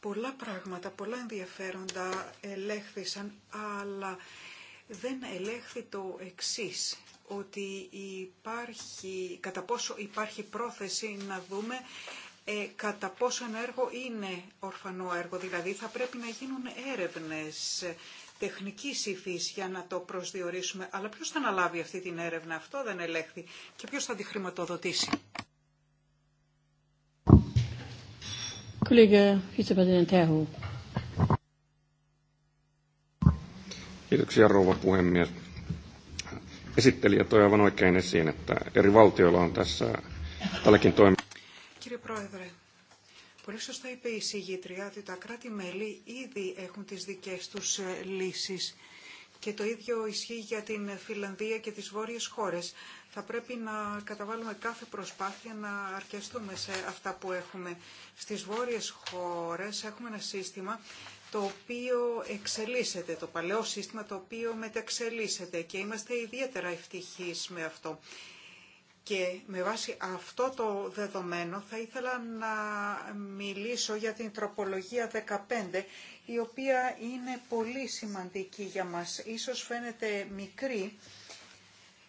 Speaker 1: πολλά πράγματα, πολλά ενδιαφέροντα ελέγχθησαν, αλλά δεν ελέγχθη το εξής, ότι υπάρχει, κατά πόσο υπάρχει πρόθεση να δούμε ε, κατά πόσο ένα έργο είναι ορφανό έργο. Δηλαδή θα πρέπει να γίνουν έρευνες τεχνική υφή για να το προσδιορίσουμε. Αλλά ποιος θα αναλάβει αυτή την έρευνα, αυτό δεν ελέγχθη και ποιο θα τη χρηματοδοτήσει. Κύριε Πρόεδρε, Πολύ σωστά είπε η συγγήτρια ότι τα κράτη-μέλη ήδη έχουν τις δικές τους ε, λύσεις και το ίδιο ισχύει για την Φιλανδία και τις βόρειες χώρες. Θα πρέπει να καταβάλουμε κάθε προσπάθεια να αρκεστούμε σε αυτά που έχουμε. Στις βόρειες χώρες έχουμε ένα σύστημα το οποίο εξελίσσεται, το παλαιό σύστημα το οποίο μεταξελίσσεται και είμαστε ιδιαίτερα ευτυχείς με αυτό. Και με βάση αυτό το δεδομένο θα ήθελα να μιλήσω για την τροπολογία 15, η οποία είναι πολύ σημαντική για μας. Ίσως φαίνεται μικρή,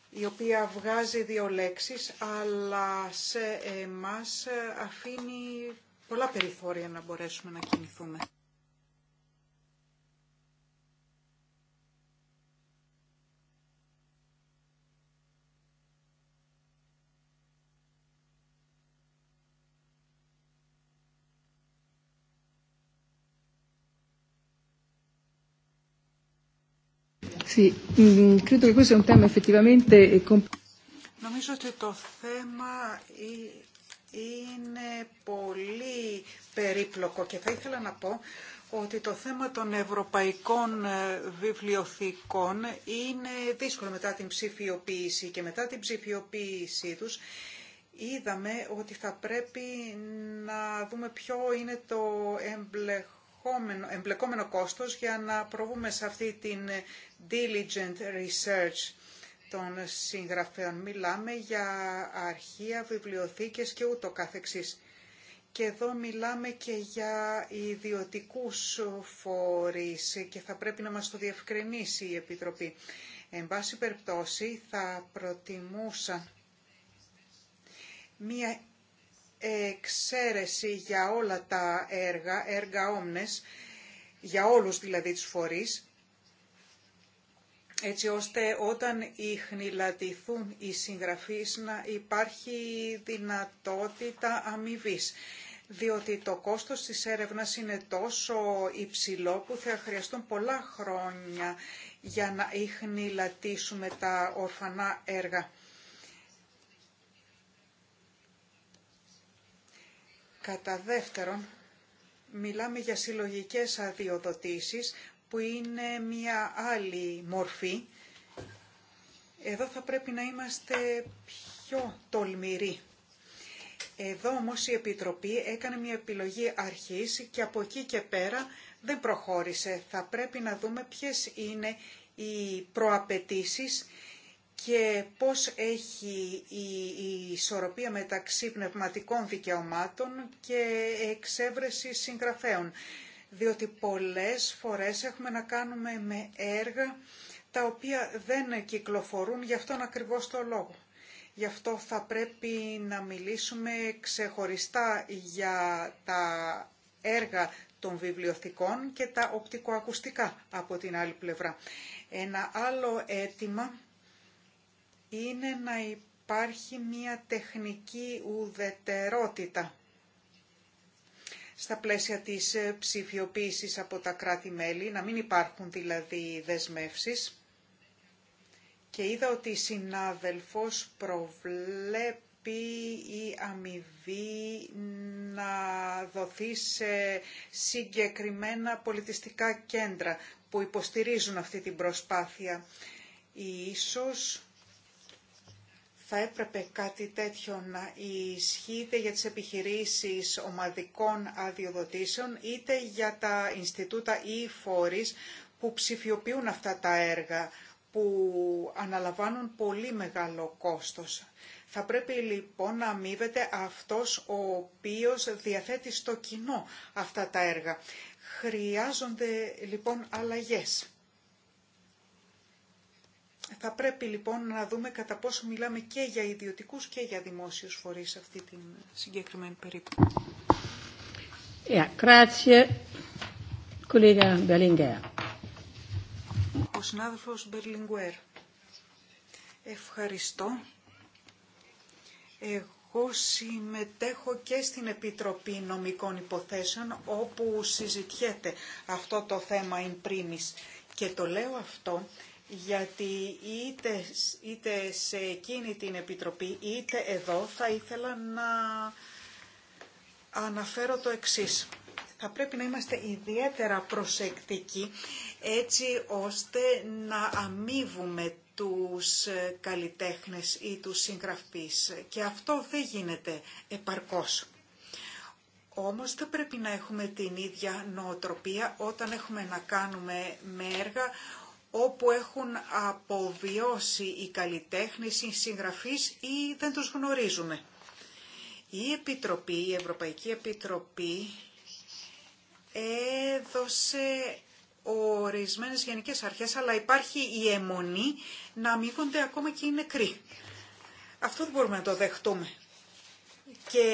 Speaker 1: η οποία βγάζει δύο λέξεις, αλλά σε εμάς αφήνει πολλά περιθώρια να μπορέσουμε να κινηθούμε. Νομίζω ότι το θέμα είναι πολύ περίπλοκο και θα ήθελα να πω ότι το θέμα των ευρωπαϊκών ε, βιβλιοθήκων είναι δύσκολο μετά την ψηφιοποίηση και μετά την ψηφιοποίησή τους είδαμε ότι θα πρέπει να δούμε ποιο είναι το έμπλεχο εμπλεκόμενο, εμπλεκόμενο κόστος για να προβούμε σε αυτή την ε, diligent research των συγγραφέων. Μιλάμε για αρχεία, βιβλιοθήκες και ούτω καθεξής. Και εδώ μιλάμε και για ιδιωτικούς φορείς και θα πρέπει να μας το διευκρινίσει η Επιτροπή. Εν πάση περιπτώσει θα προτιμούσα μία εξαίρεση για όλα τα έργα, έργα όμνες, για όλους δηλαδή τους φορείς, έτσι ώστε όταν ιχνηλατηθούν οι συγγραφείς να υπάρχει δυνατότητα αμοιβή. Διότι το κόστος της έρευνας είναι τόσο υψηλό που θα χρειαστούν πολλά χρόνια για να ιχνηλατήσουμε τα ορφανά έργα. Κατά δεύτερον, μιλάμε για συλλογικές αδειοδοτήσεις που είναι μια άλλη μορφή. Εδώ θα πρέπει να είμαστε πιο τολμηροί. Εδώ όμως η Επιτροπή έκανε μια επιλογή αρχής και από εκεί και πέρα δεν προχώρησε. Θα πρέπει να δούμε ποιες είναι οι προαπαιτήσεις και πώς έχει η ισορροπία μεταξύ πνευματικών δικαιωμάτων και εξέβρεση συγγραφέων. Διότι πολλές φορές έχουμε να κάνουμε με έργα τα οποία δεν κυκλοφορούν γι' αυτόν ακριβώς το λόγο. Γι' αυτό θα πρέπει να μιλήσουμε ξεχωριστά για τα έργα των βιβλιοθηκών και τα οπτικοακουστικά από την άλλη πλευρά. Ένα άλλο αίτημα είναι να υπάρχει μια τεχνική ουδετερότητα στα πλαίσια της ε, ψηφιοποίησης από τα κράτη-μέλη, να μην υπάρχουν δηλαδή δεσμεύσεις. Και είδα ότι η συνάδελφος προβλέπει η αμοιβή να δοθεί σε συγκεκριμένα πολιτιστικά κέντρα που υποστηρίζουν αυτή την προσπάθεια. Ίσως θα έπρεπε κάτι τέτοιο να ισχύει είτε για τις επιχειρήσεις ομαδικών αδειοδοτήσεων είτε για τα Ινστιτούτα ή φορείς που ψηφιοποιούν αυτά τα έργα που αναλαμβάνουν πολύ μεγάλο κόστος. Θα πρέπει λοιπόν να αμείβεται αυτός ο οποίος διαθέτει στο κοινό αυτά τα έργα. Χρειάζονται λοιπόν αλλαγές. Θα πρέπει λοιπόν να δούμε κατά πόσο μιλάμε και για ιδιωτικούς και για δημόσιους φορείς σε αυτή την συγκεκριμένη περίπτωση. Ο συνάδελφος Μπερλιγκουέρ. Ευχαριστώ. Εγώ συμμετέχω και στην Επιτροπή Νομικών Υποθέσεων όπου συζητιέται αυτό το θέμα in primis. Και το λέω αυτό γιατί είτε, είτε σε εκείνη την Επιτροπή είτε εδώ θα ήθελα να αναφέρω το εξής. Θα πρέπει να είμαστε ιδιαίτερα προσεκτικοί έτσι ώστε να αμείβουμε τους καλλιτέχνες ή τους συγγραφείς και αυτό δεν γίνεται επαρκώς. Όμως δεν πρέπει να έχουμε την ίδια νοοτροπία όταν έχουμε να κάνουμε με έργα όπου έχουν αποβιώσει οι καλλιτέχνες, οι συγγραφείς ή δεν τους γνωρίζουμε. Η Επιτροπή, η Ευρωπαϊκή Επιτροπή έδωσε ορισμένες γενικές αρχές, αλλά υπάρχει η αιμονή να αμείγονται ακόμα και οι νεκροί. Αυτό δεν μπορούμε να το δεχτούμε. Και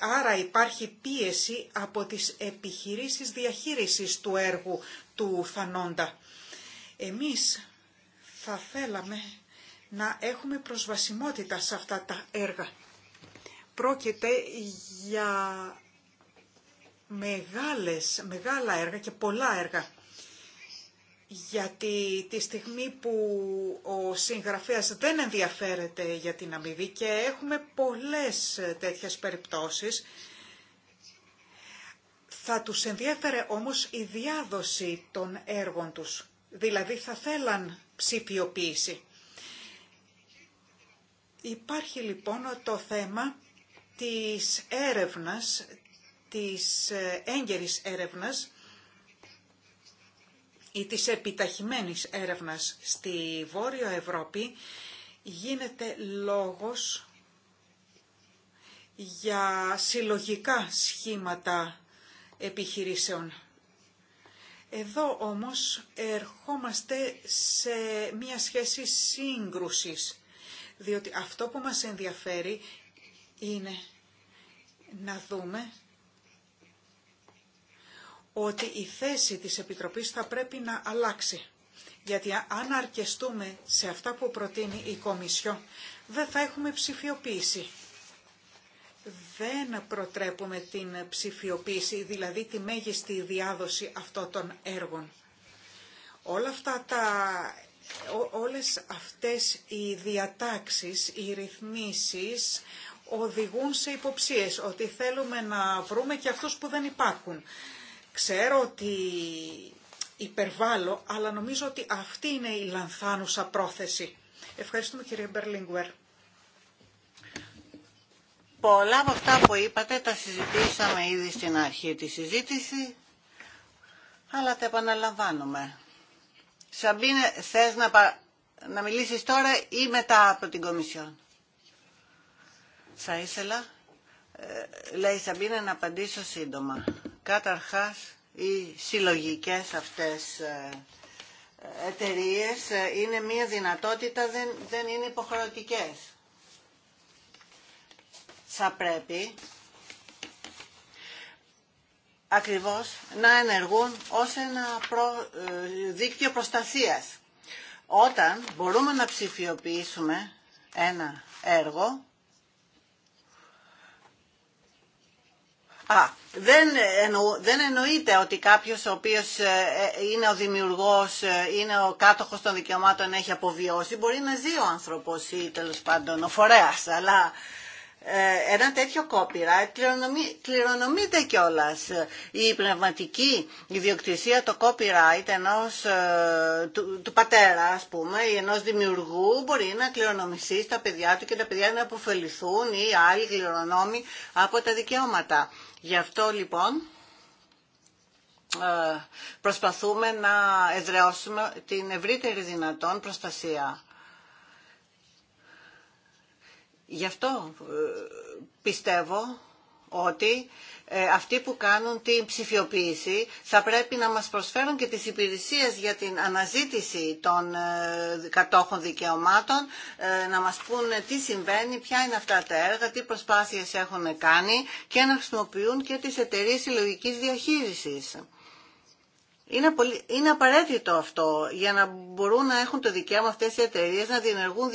Speaker 1: άρα υπάρχει πίεση από τις επιχειρήσεις διαχείρισης του έργου του Φανόντα. Εμείς θα θέλαμε να έχουμε προσβασιμότητα σε αυτά τα έργα. Πρόκειται για μεγάλες, μεγάλα έργα και πολλά έργα. Γιατί τη στιγμή που ο συγγραφέας δεν ενδιαφέρεται για την αμοιβή και έχουμε πολλές τέτοιες περιπτώσεις, θα τους ενδιαφέρε όμως η διάδοση των έργων τους δηλαδή θα θέλαν ψηφιοποίηση. Υπάρχει λοιπόν το θέμα της έρευνας, της ε, έγκαιρης έρευνας ή της επιταχυμένης έρευνας στη Βόρεια Ευρώπη γίνεται λόγος για συλλογικά σχήματα επιχειρήσεων. Εδώ όμως ερχόμαστε σε μία σχέση σύγκρουσης, διότι αυτό που μας ενδιαφέρει είναι να δούμε ότι η θέση της Επιτροπής θα πρέπει να αλλάξει. Γιατί αν αρκεστούμε σε αυτά που προτείνει η Κομισιό, δεν θα έχουμε ψηφιοποίηση δεν προτρέπουμε την ψηφιοποίηση, δηλαδή τη μέγιστη διάδοση αυτών των έργων. Όλα αυτά τα, όλες αυτές οι διατάξεις, οι ρυθμίσεις οδηγούν σε υποψίες ότι θέλουμε να βρούμε και αυτούς που δεν υπάρχουν. Ξέρω ότι υπερβάλλω, αλλά νομίζω ότι αυτή είναι η λανθάνουσα πρόθεση. Ευχαριστούμε κύριε Μπερλίνγκουερ. Πολλά από αυτά που είπατε τα συζητήσαμε ήδη
Speaker 2: στην αρχή τη συζήτηση, αλλά τα επαναλαμβάνουμε. Σαμπίνε, θες να, πα... να μιλήσεις τώρα ή μετά από την Κομισιόν. Θα ήθελα, ε, λέει η μετα απο την κομισιον θα ηθελα λεει σαμπινε να απαντήσω σύντομα. Καταρχάς, οι συλλογικές αυτές ε, ε, εταιρείε ε, είναι μία δυνατότητα, δεν, δεν είναι υποχρεωτικές θα πρέπει ακριβώς να ενεργούν ως ένα ε, δίκτυο προστασίας. Όταν μπορούμε να ψηφιοποιήσουμε ένα έργο, Α, δεν, δεν εννοείται ότι κάποιος ο οποίος ε, ε, είναι ο δημιουργός, είναι ο κάτοχος των δικαιωμάτων, έχει αποβιώσει. Μπορεί να ζει ο άνθρωπος ή τέλος πάντων ο φορέας, αλλά ε, ένα τέτοιο copyright κληρονομείται κιόλα. Η πνευματική ιδιοκτησία, το copyright ενός, ε, του, πατέρα, ας πούμε, ή ενός δημιουργού μπορεί να κληρονομηθεί στα παιδιά του και τα παιδιά να αποφεληθούν ή άλλοι κληρονόμοι από τα δικαιώματα. Γι' αυτό λοιπόν ε, προσπαθούμε να εδραιώσουμε την ευρύτερη δυνατόν προστασία Γι' αυτό ε, πιστεύω ότι ε, αυτοί που κάνουν την ψηφιοποίηση θα πρέπει να μας προσφέρουν και τις υπηρεσίες για την αναζήτηση των ε, κατόχων δικαιωμάτων, να μας πούν τι συμβαίνει, ποια είναι αυτά τα έργα, τι προσπάθειες έχουν κάνει και να χρησιμοποιούν και τις εταιρείε συλλογική διαχείρισης. Είναι, πολύ, είναι απαραίτητο αυτό για να μπορούν να έχουν το δικαίωμα αυτές οι εταιρείε να διενεργούν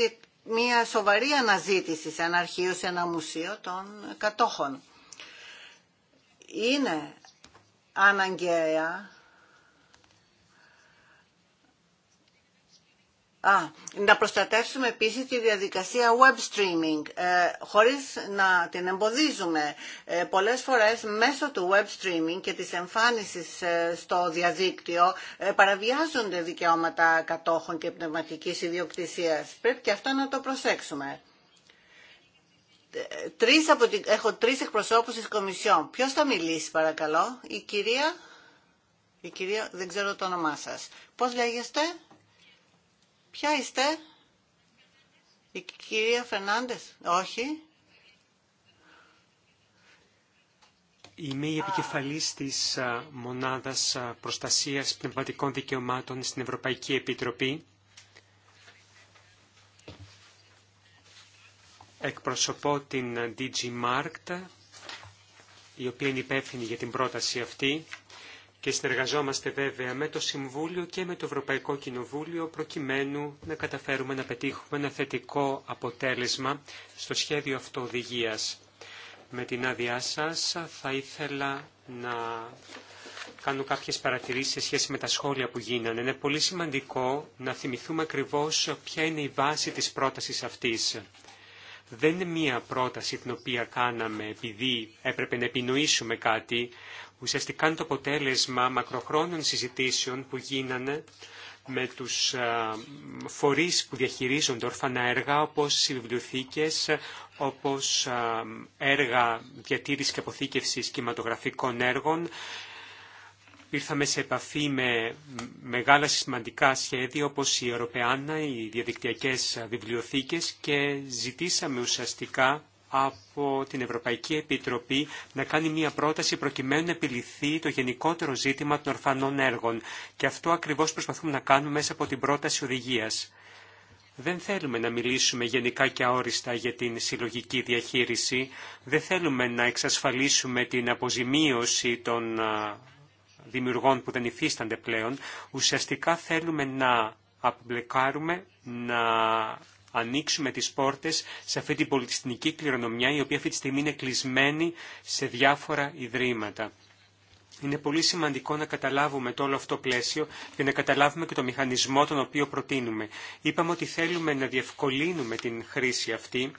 Speaker 2: μια σοβαρή αναζήτηση σε ένα αρχείο, σε ένα μουσείο των κατόχων. Είναι αναγκαία να προστατεύσουμε επίσης τη διαδικασία web streaming, ε, χωρίς να την εμποδίζουμε. Ε, πολλές φορές μέσω του web streaming και της εμφάνισης ε, στο διαδίκτυο ε, παραβιάζονται δικαιώματα κατόχων και πνευματικής ιδιοκτησίας. Πρέπει και αυτό να το προσέξουμε. Ε, έχω τρεις εκπροσώπους της Κομισιόν. Ποιος θα μιλήσει παρακαλώ, η κυρία... Η κυρία, δεν ξέρω το όνομά σας. Πώς λέγεστε? Ποια είστε? Η κυρία Φερνάντες. Όχι.
Speaker 4: Είμαι η επικεφαλής της Μονάδας Προστασίας Πνευματικών Δικαιωμάτων στην Ευρωπαϊκή Επιτροπή. Εκπροσωπώ την DG Markt, η οποία είναι υπεύθυνη για την πρόταση αυτή και συνεργαζόμαστε βέβαια με το Συμβούλιο και με το Ευρωπαϊκό Κοινοβούλιο προκειμένου να καταφέρουμε να πετύχουμε ένα θετικό αποτέλεσμα στο σχέδιο αυτοοδηγίας. Με την άδειά σας θα ήθελα να κάνω κάποιες παρατηρήσεις σε σχέση με τα σχόλια που γίνανε. Είναι πολύ σημαντικό να θυμηθούμε ακριβώς ποια είναι η βάση της πρότασης αυτής. Δεν είναι μία πρόταση την οποία κάναμε επειδή έπρεπε να επινοήσουμε κάτι ουσιαστικά είναι το αποτέλεσμα μακροχρόνων συζητήσεων που γίνανε με τους ε, φορείς που διαχειρίζονται ορφανά έργα, όπως οι βιβλιοθήκες, όπως ε, έργα διατήρησης και αποθήκευσης κινηματογραφικών έργων. Ήρθαμε σε επαφή με μεγάλα σημαντικά σχέδια όπως η Ευρωπαϊκή, οι διαδικτυακές βιβλιοθήκες και ζητήσαμε ουσιαστικά από την Ευρωπαϊκή Επιτροπή να κάνει μια πρόταση προκειμένου να επιληθεί το γενικότερο ζήτημα των ορφανών έργων. Και αυτό ακριβώς προσπαθούμε να κάνουμε μέσα από την πρόταση οδηγίας. Δεν θέλουμε να μιλήσουμε γενικά και αόριστα για την συλλογική διαχείριση. Δεν θέλουμε να εξασφαλίσουμε την αποζημίωση των δημιουργών που δεν υφίστανται πλέον. Ουσιαστικά θέλουμε να απομπλεκάρουμε, να ανοίξουμε τις πόρτες σε αυτή την πολιτιστική κληρονομιά η οποία αυτή τη στιγμή είναι κλεισμένη σε διάφορα ιδρύματα. Είναι πολύ σημαντικό να καταλάβουμε το όλο αυτό πλαίσιο και να καταλάβουμε και το μηχανισμό τον οποίο προτείνουμε. Είπαμε ότι θέλουμε να διευκολύνουμε την χρήση αυτή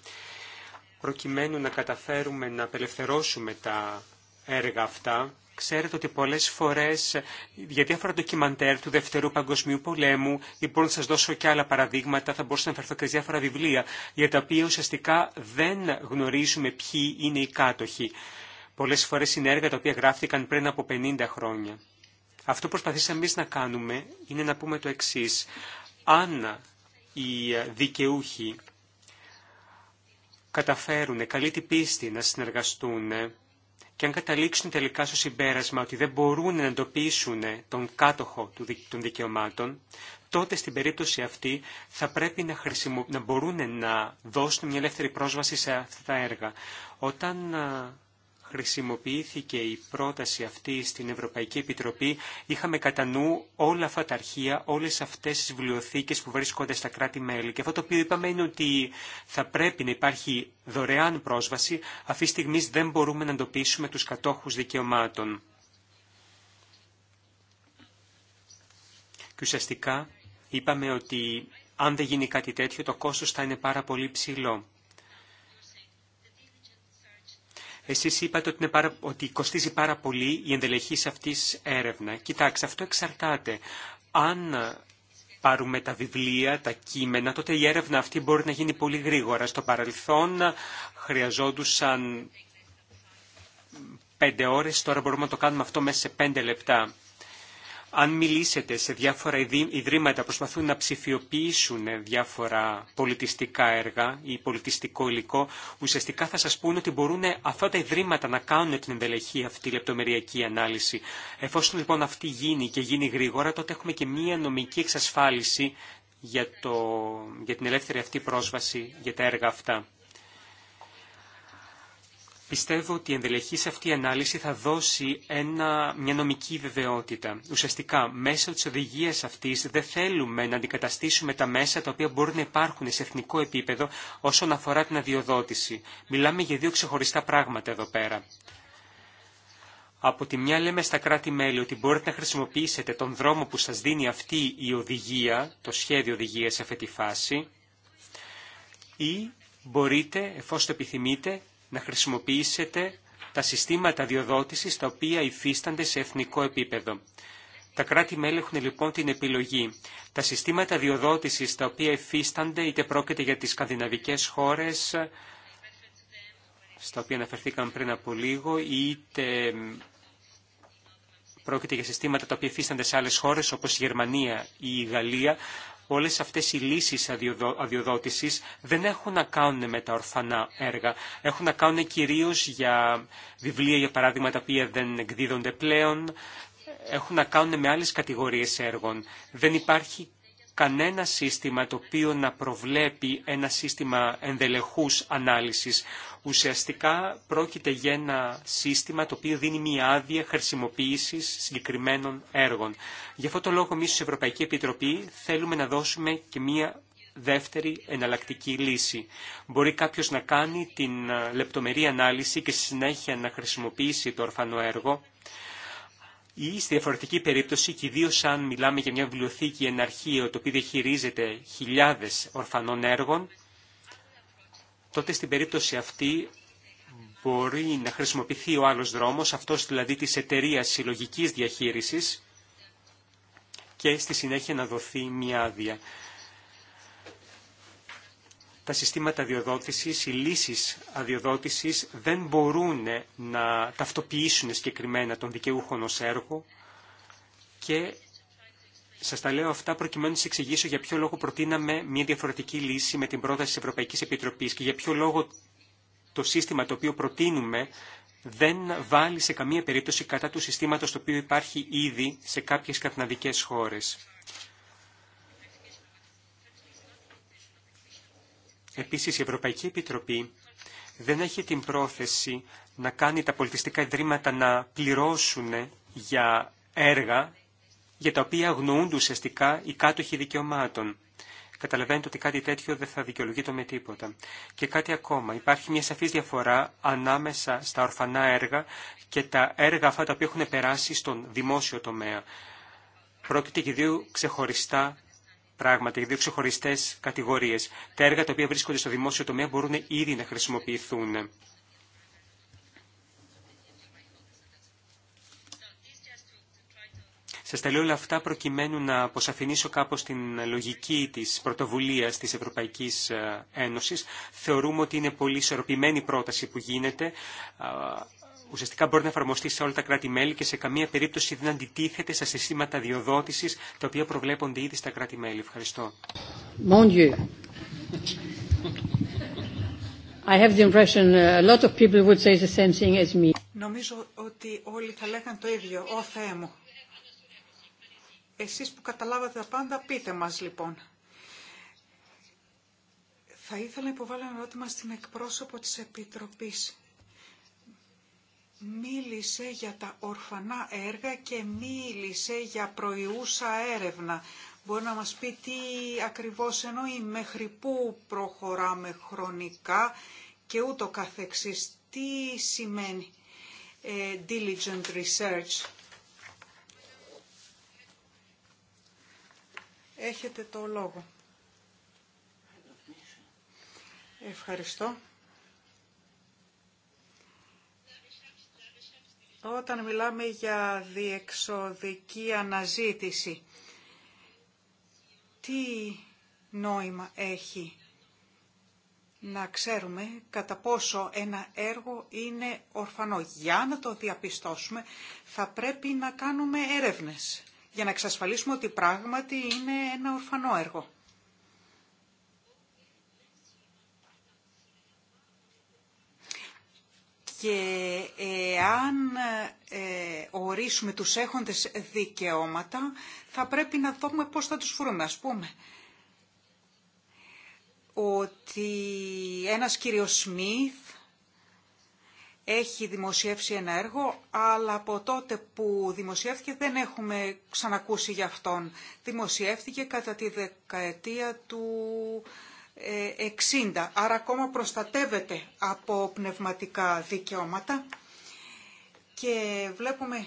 Speaker 4: προκειμένου να καταφέρουμε να απελευθερώσουμε τα έργα αυτά Ξέρετε ότι πολλές φορές για διάφορα ντοκιμαντέρ του Δευτερού Παγκοσμίου Πολέμου ή μπορώ να σας δώσω και άλλα παραδείγματα, θα μπορούσα να φερθώ και διάφορα βιβλία για τα οποία ουσιαστικά δεν γνωρίζουμε ποιοι είναι οι κάτοχοι. Πολλές φορές είναι έργα τα οποία γράφτηκαν πριν από 50 χρόνια. Αυτό που προσπαθήσαμε εμείς να κάνουμε είναι να πούμε το εξή Αν οι δικαιούχοι καταφέρουν καλή την πίστη να συνεργαστούν και αν καταλήξουν τελικά στο συμπέρασμα ότι δεν μπορούν να εντοπίσουν τον κάτοχο των δικαιωμάτων, τότε στην περίπτωση αυτή θα πρέπει να, να μπορούν να δώσουν μια ελεύθερη πρόσβαση σε αυτά τα έργα. Όταν χρησιμοποιήθηκε η πρόταση αυτή στην Ευρωπαϊκή Επιτροπή, είχαμε κατά νου όλα αυτά τα αρχεία, όλες αυτές τις βιβλιοθήκες που βρίσκονται στα κράτη-μέλη. Και αυτό το οποίο είπαμε είναι ότι θα πρέπει να υπάρχει δωρεάν πρόσβαση, αυτή τη στιγμή δεν μπορούμε να εντοπίσουμε τους κατόχους δικαιωμάτων. Και ουσιαστικά είπαμε ότι αν δεν γίνει κάτι τέτοιο το κόστος θα είναι πάρα πολύ ψηλό. Εσείς είπατε ότι, κοστίζει πάρα πολύ η ενδελεχής αυτής έρευνα. Κοιτάξτε, αυτό εξαρτάται. Αν πάρουμε τα βιβλία, τα κείμενα, τότε η έρευνα αυτή μπορεί να γίνει πολύ γρήγορα. Στο παρελθόν χρειαζόντουσαν πέντε ώρες, τώρα μπορούμε να το κάνουμε αυτό μέσα σε πέντε λεπτά. Αν μιλήσετε σε διάφορα ιδρύματα που προσπαθούν να ψηφιοποιήσουν διάφορα πολιτιστικά έργα ή πολιτιστικό υλικό, ουσιαστικά θα σας πούνε ότι μπορούν αυτά τα ιδρύματα να κάνουν την εντελεχή αυτή λεπτομεριακή ανάλυση. Εφόσον λοιπόν αυτή γίνει και γίνει γρήγορα, τότε έχουμε και μία νομική εξασφάλιση για, το, για την ελεύθερη αυτή πρόσβαση για τα έργα αυτά. Πιστεύω ότι η ενδελεχή σε αυτή η ανάλυση θα δώσει ένα, μια νομική βεβαιότητα. Ουσιαστικά, μέσω τη οδηγία αυτή δεν θέλουμε να αντικαταστήσουμε τα μέσα τα οποία μπορεί να υπάρχουν σε εθνικό επίπεδο όσον αφορά την αδειοδότηση. Μιλάμε για δύο ξεχωριστά πράγματα εδώ πέρα. Από τη μια λέμε στα κράτη-μέλη ότι μπορείτε να χρησιμοποιήσετε τον δρόμο που σας δίνει αυτή η οδηγία, το σχέδιο οδηγίας σε αυτή τη φάση, ή μπορείτε, εφόσον το επιθυμείτε, να χρησιμοποιήσετε τα συστήματα διοδότησης τα οποία υφίστανται σε εθνικό επίπεδο. Τα κράτη-μέλη έχουν λοιπόν την επιλογή. Τα συστήματα διοδότησης τα οποία υφίστανται είτε πρόκειται για τις σκανδιναβικές χώρες, στα οποία αναφερθήκαμε πριν από λίγο, είτε πρόκειται για συστήματα τα οποία υφίστανται σε άλλες χώρες όπως η Γερμανία ή η Γαλλία όλες αυτές οι λύσεις αδειοδότησης δεν έχουν να κάνουν με τα ορφανά έργα. Έχουν να κάνουν κυρίως για βιβλία, για παράδειγμα, τα οποία δεν εκδίδονται πλέον. Έχουν να κάνουν με άλλες κατηγορίες έργων. Δεν υπάρχει κανένα σύστημα το οποίο να προβλέπει ένα σύστημα ενδελεχούς ανάλυσης. Ουσιαστικά πρόκειται για ένα σύστημα το οποίο δίνει μία άδεια χρησιμοποίηση συγκεκριμένων έργων. Γι' αυτό το λόγο εμεί στην Ευρωπαϊκή Επιτροπή θέλουμε να δώσουμε και μία δεύτερη εναλλακτική λύση. Μπορεί κάποιο να κάνει την ε, λεπτομερή ανάλυση και στη συνέχεια να χρησιμοποιήσει το ορφανό έργο ή στη διαφορετική περίπτωση, και ιδίω αν μιλάμε για μια βιβλιοθήκη εναρχείο το οποίο διαχειρίζεται χιλιάδες ορφανών έργων, τότε στην περίπτωση αυτή μπορεί να χρησιμοποιηθεί ο άλλος δρόμος, αυτός δηλαδή της εταιρεία συλλογική διαχείρισης και στη συνέχεια να δοθεί μια άδεια. Τα συστήματα αδειοδότησης, οι λύσεις αδειοδότησης δεν μπορούν να ταυτοποιήσουν συγκεκριμένα τον δικαιούχο ως έργο και Σα τα λέω αυτά προκειμένου να σα εξηγήσω για ποιο λόγο προτείναμε μια διαφορετική λύση με την πρόταση τη Ευρωπαϊκή Επιτροπή και για ποιο λόγο το σύστημα το οποίο προτείνουμε δεν βάλει σε καμία περίπτωση κατά του συστήματος το οποίο υπάρχει ήδη σε κάποιες καθναδικές χώρες. Επίσης, η Ευρωπαϊκή Επιτροπή δεν έχει την πρόθεση να κάνει τα πολιτιστικά ιδρύματα να πληρώσουν για έργα για τα οποία αγνοούνται ουσιαστικά οι κάτοχοι δικαιωμάτων. Καταλαβαίνετε ότι κάτι τέτοιο δεν θα δικαιολογείται με τίποτα. Και κάτι ακόμα. Υπάρχει μια σαφή διαφορά ανάμεσα στα ορφανά έργα και τα έργα αυτά τα οποία έχουν περάσει στον δημόσιο τομέα. Πρόκειται για δύο ξεχωριστά πράγματα, για δύο ξεχωριστέ κατηγορίε. Τα έργα τα οποία βρίσκονται στο δημόσιο τομέα μπορούν ήδη να χρησιμοποιηθούν. Σα τα λέω όλα αυτά προκειμένου να αποσαφηνίσω κάπω την λογική τη πρωτοβουλία τη Ευρωπαϊκή ε, Ένωση. Θεωρούμε ότι είναι πολύ ισορροπημένη πρόταση που γίνεται ουσιαστικά μπορεί να εφαρμοστεί σε όλα τα κράτη-μέλη και σε καμία περίπτωση δεν αντιτίθεται στα συστήματα διοδότηση τα οποία προβλέπονται ήδη στα κράτη-μέλη. Ευχαριστώ. Νομίζω ότι όλοι θα
Speaker 1: λέγαν το ίδιο. Ω Θεέ μου. Εσείς που καταλάβατε τα πάντα, πείτε μας λοιπόν. Θα ήθελα να υποβάλω ένα ερώτημα στην εκπρόσωπο της Επιτροπής. Μίλησε για τα ορφανά έργα και μίλησε για προϊούσα έρευνα. Μπορεί να μας πει τι ακριβώς εννοεί, μέχρι πού προχωράμε χρονικά και ούτω καθεξής. Τι σημαίνει ε, diligent research Έχετε το λόγο. Ευχαριστώ. Όταν μιλάμε για διεξοδική αναζήτηση, τι νόημα έχει να ξέρουμε κατά πόσο ένα έργο είναι ορφανό. Για να το διαπιστώσουμε θα πρέπει να κάνουμε έρευνες για να εξασφαλίσουμε ότι πράγματι είναι ένα ορφανό έργο. Και εάν ε, ορίσουμε τους έχοντες δικαιώματα, θα πρέπει να δούμε πώς θα τους φορούμε. ας πούμε. Ότι ένας κύριος Σμιθ έχει δημοσιεύσει ένα έργο, αλλά από τότε που δημοσιεύθηκε δεν έχουμε ξανακούσει για αυτόν. Δημοσιεύθηκε κατά τη δεκαετία του 60, ε, άρα ακόμα προστατεύεται από πνευματικά δικαιώματα και βλέπουμε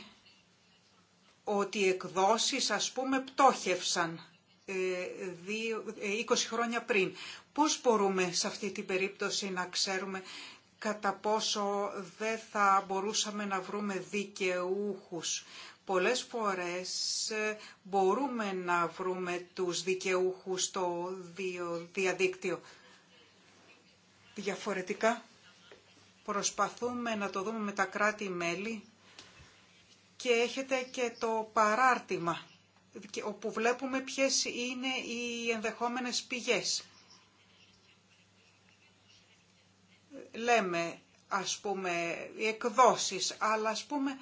Speaker 1: ότι οι εκδόσεις ας πούμε πτώχευσαν 20 ε, ε, χρόνια πριν. Πώς μπορούμε σε αυτή την περίπτωση να ξέρουμε κατά πόσο δεν θα μπορούσαμε να βρούμε δικαιούχους. Πολλές φορές ε, μπορούμε να βρούμε τους δικαιούχους στο διαδίκτυο. Διαφορετικά προσπαθούμε να το δούμε με τα κράτη-μέλη και έχετε και το παράρτημα όπου βλέπουμε ποιες είναι οι ενδεχόμενες πηγές. λέμε ας πούμε οι εκδόσεις, αλλά ας πούμε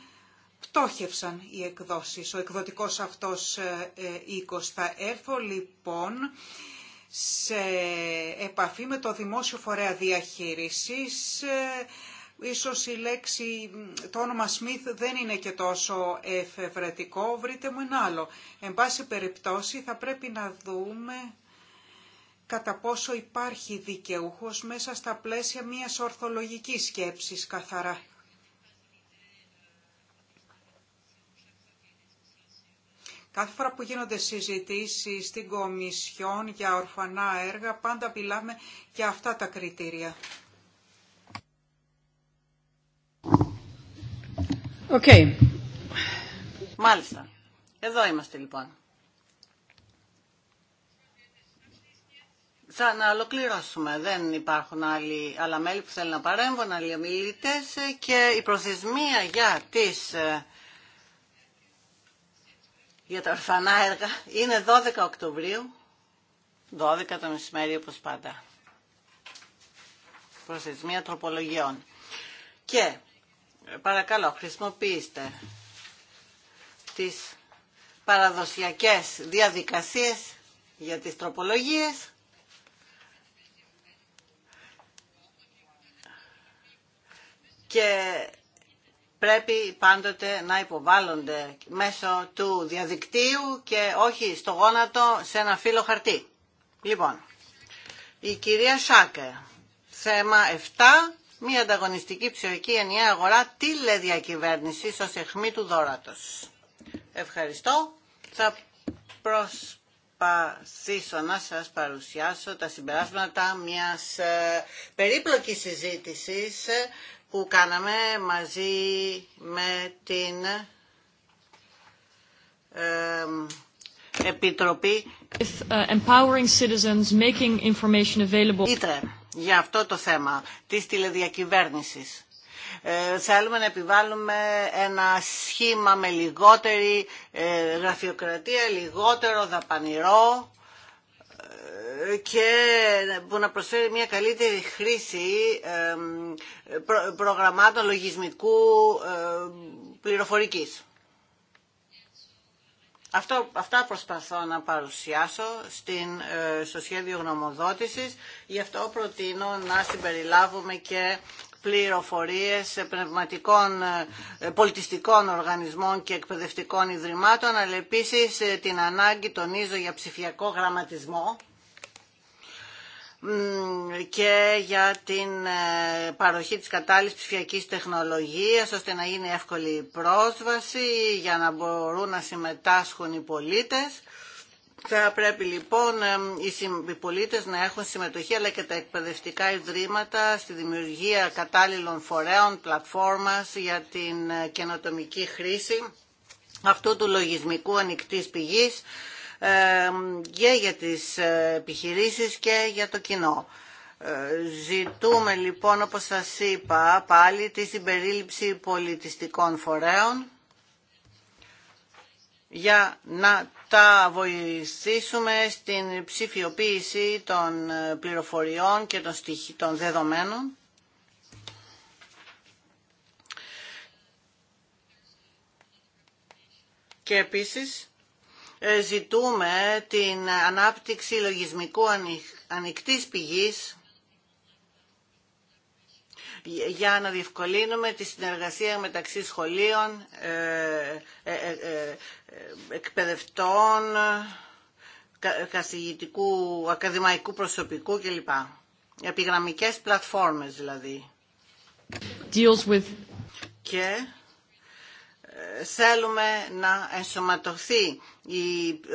Speaker 1: πτώχευσαν οι εκδόσεις, ο εκδοτικός αυτός ε, ε οίκος. Θα έρθω λοιπόν σε επαφή με το Δημόσιο Φορέα Διαχείρισης. Ε, ίσως η λέξη, το όνομα Σμιθ δεν είναι και τόσο εφευρετικό, βρείτε μου ένα άλλο. Εν πάση περιπτώσει θα πρέπει να δούμε κατά πόσο υπάρχει δικαιούχος μέσα στα πλαίσια μιας ορθολογικής σκέψης καθαρά. Κάθε φορά που γίνονται συζητήσεις στην Κομισιόν για ορφανά έργα, πάντα μιλάμε για αυτά τα κριτήρια. Okay.
Speaker 2: Μάλιστα. Εδώ είμαστε λοιπόν. θα να ολοκληρώσουμε. Δεν υπάρχουν άλλοι, άλλα μέλη που θέλουν να παρέμβουν, άλλοι ομιλητέ ε, και η προθεσμία για, τις, ε, για τα ορφανά έργα είναι 12 Οκτωβρίου, 12 το μεσημέρι όπως πάντα. Προθεσμία τροπολογιών. Και ε, παρακαλώ χρησιμοποιήστε τις παραδοσιακές διαδικασίες για τις τροπολογίες και πρέπει πάντοτε να υποβάλλονται μέσω του διαδικτύου και όχι στο γόνατο σε ένα φύλλο χαρτί. Λοιπόν, η κυρία Σάκε, θέμα 7, μια ανταγωνιστική ψηφιακή ενιαία αγορά τηλεδιακυβέρνηση ως αιχμή του δόρατος. Ευχαριστώ. Θα προσπαθήσω να σας παρουσιάσω τα συμπεράσματα μιας ε, περίπλοκης συζήτησης που κάναμε μαζί με την Επιτροπή uh, Empowering Ήτρε, για αυτό το θέμα της τηλεδιακυβέρνησης. Ε, θέλουμε να επιβάλλουμε ένα σχήμα με λιγότερη ε, γραφειοκρατία, λιγότερο δαπανηρό και που να προσφέρει μια καλύτερη χρήση προγραμμάτων λογισμικού πληροφορικής. αυτά προσπαθώ να παρουσιάσω στην, ε, στο σχέδιο γνωμοδότησης, γι' αυτό προτείνω να συμπεριλάβουμε και πληροφορίες πνευματικών ε, πολιτιστικών οργανισμών και εκπαιδευτικών ιδρυμάτων, αλλά επίσης ε, την ανάγκη τονίζω για ψηφιακό γραμματισμό και για την ε, παροχή της κατάλληλης ψηφιακής τεχνολογίας ώστε να γίνει εύκολη πρόσβαση για να μπορούν να συμμετάσχουν οι πολίτες θα πρέπει λοιπόν οι πολίτες να έχουν συμμετοχή αλλά και τα εκπαιδευτικά ιδρύματα στη δημιουργία κατάλληλων φορέων, πλατφόρμας για την ε, καινοτομική χρήση αυτού του λογισμικού ανοιχτής πηγής και για τις ε, επιχειρήσεις και για το κοινό. Ε, ζητούμε λοιπόν όπως σας είπα πάλι τη συμπερίληψη πολιτιστικών φορέων για να τα βοηθήσουμε στην ψηφιοποίηση των ε, πληροφοριών και των, στοιχείων, των δεδομένων. Και επίσης ε, ζητούμε την ανάπτυξη λογισμικού ανοιχτής πηγής για να διευκολύνουμε τη συνεργασία μεταξύ σχολείων, ε, ε, ε, εκπαιδευτών, καθηγητικού, ακαδημαϊκού προσωπικού κλπ. Επιγραμμικές πλατφόρμες δηλαδή. Deals with... Και θέλουμε να ενσωματωθεί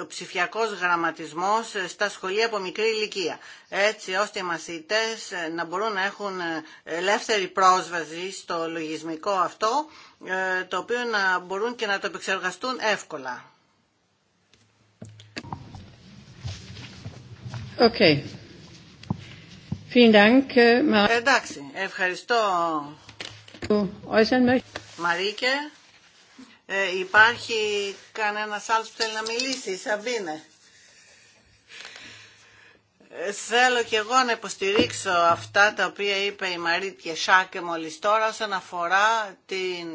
Speaker 2: ο ψηφιακός γραμματισμός στα σχολεία από μικρή ηλικία, έτσι ώστε οι μαθητές να μπορούν να έχουν ελεύθερη πρόσβαση στο λογισμικό αυτό, ε, το οποίο να μπορούν και να το επεξεργαστούν εύκολα.
Speaker 1: Okay. Äh,
Speaker 2: Εντάξει, ευχαριστώ. Μαρίκε. Ε, υπάρχει κανένας άλλος που θέλει να μιλήσει, Σαμπίνε. Ε, θέλω και εγώ να υποστηρίξω αυτά τα οποία είπε η Μαρή Σάκε μόλις τώρα όσον αφορά την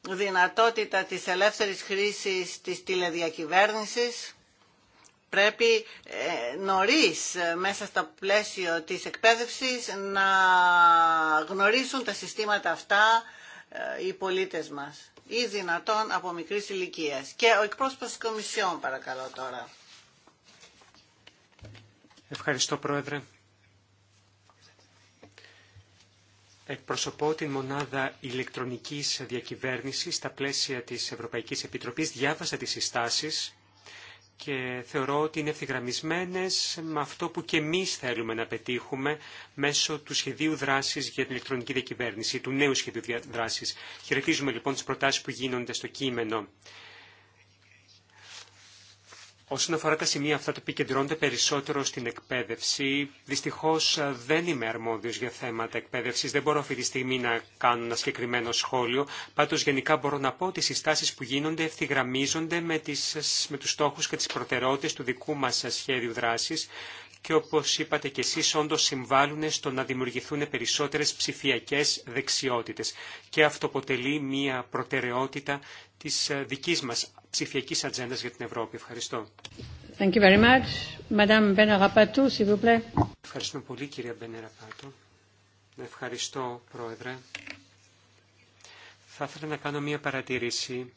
Speaker 2: δυνατότητα της ελεύθερης χρήσης της τηλεδιακυβέρνησης. Πρέπει ε, νωρίς ε, μέσα στο πλαίσιο της εκπαίδευσης να γνωρίσουν τα συστήματα αυτά ε, οι πολίτες μας ή δυνατόν από μικρής ηλικίας. Και ο εκπρόσωπος της Κομισιόν παρακαλώ τώρα.
Speaker 4: Ευχαριστώ Πρόεδρε. Εκπροσωπώ την μονάδα ηλεκτρονικής διακυβέρνησης στα πλαίσια της Ευρωπαϊκής Επιτροπής. Διάβασα τις συστάσεις και θεωρώ ότι είναι ευθυγραμμισμένες με αυτό που και εμείς θέλουμε να πετύχουμε μέσω του σχεδίου δράσης για την ηλεκτρονική διακυβέρνηση, του νέου σχεδίου δράσης. Χαιρετίζουμε λοιπόν τις προτάσεις που γίνονται στο κείμενο. Όσον αφορά τα σημεία αυτά τα κεντρώνονται περισσότερο στην εκπαίδευση, Δυστυχώ ε, δεν είμαι αρμόδιο για θέματα εκπαίδευση. δεν μπορώ αυτή τη στιγμή να κάνω ένα συγκεκριμένο σχόλιο, Πάντω, γενικά μπορώ να πω ότι οι συστάσει που γίνονται ευθυγραμμίζονται με, τις, με τους στόχους και τι προτεραιότητες του δικού μα σχέδιου δράση. και όπω είπατε και εσεί όντω συμβάλλουν στο να δημιουργηθούν περισσότερε ψηφιακέ δεξιότητε. και αυτό αποτελεί μια προτεραιότητα της ε, δικής μας ψηφιακής ατζέντας για την Ευρώπη. Ευχαριστώ.
Speaker 1: Thank
Speaker 2: you very much.
Speaker 4: πολύ, κυρία Μπενεραπάτου. Ευχαριστώ, Πρόεδρε. Θα ήθελα να κάνω μία παρατήρηση.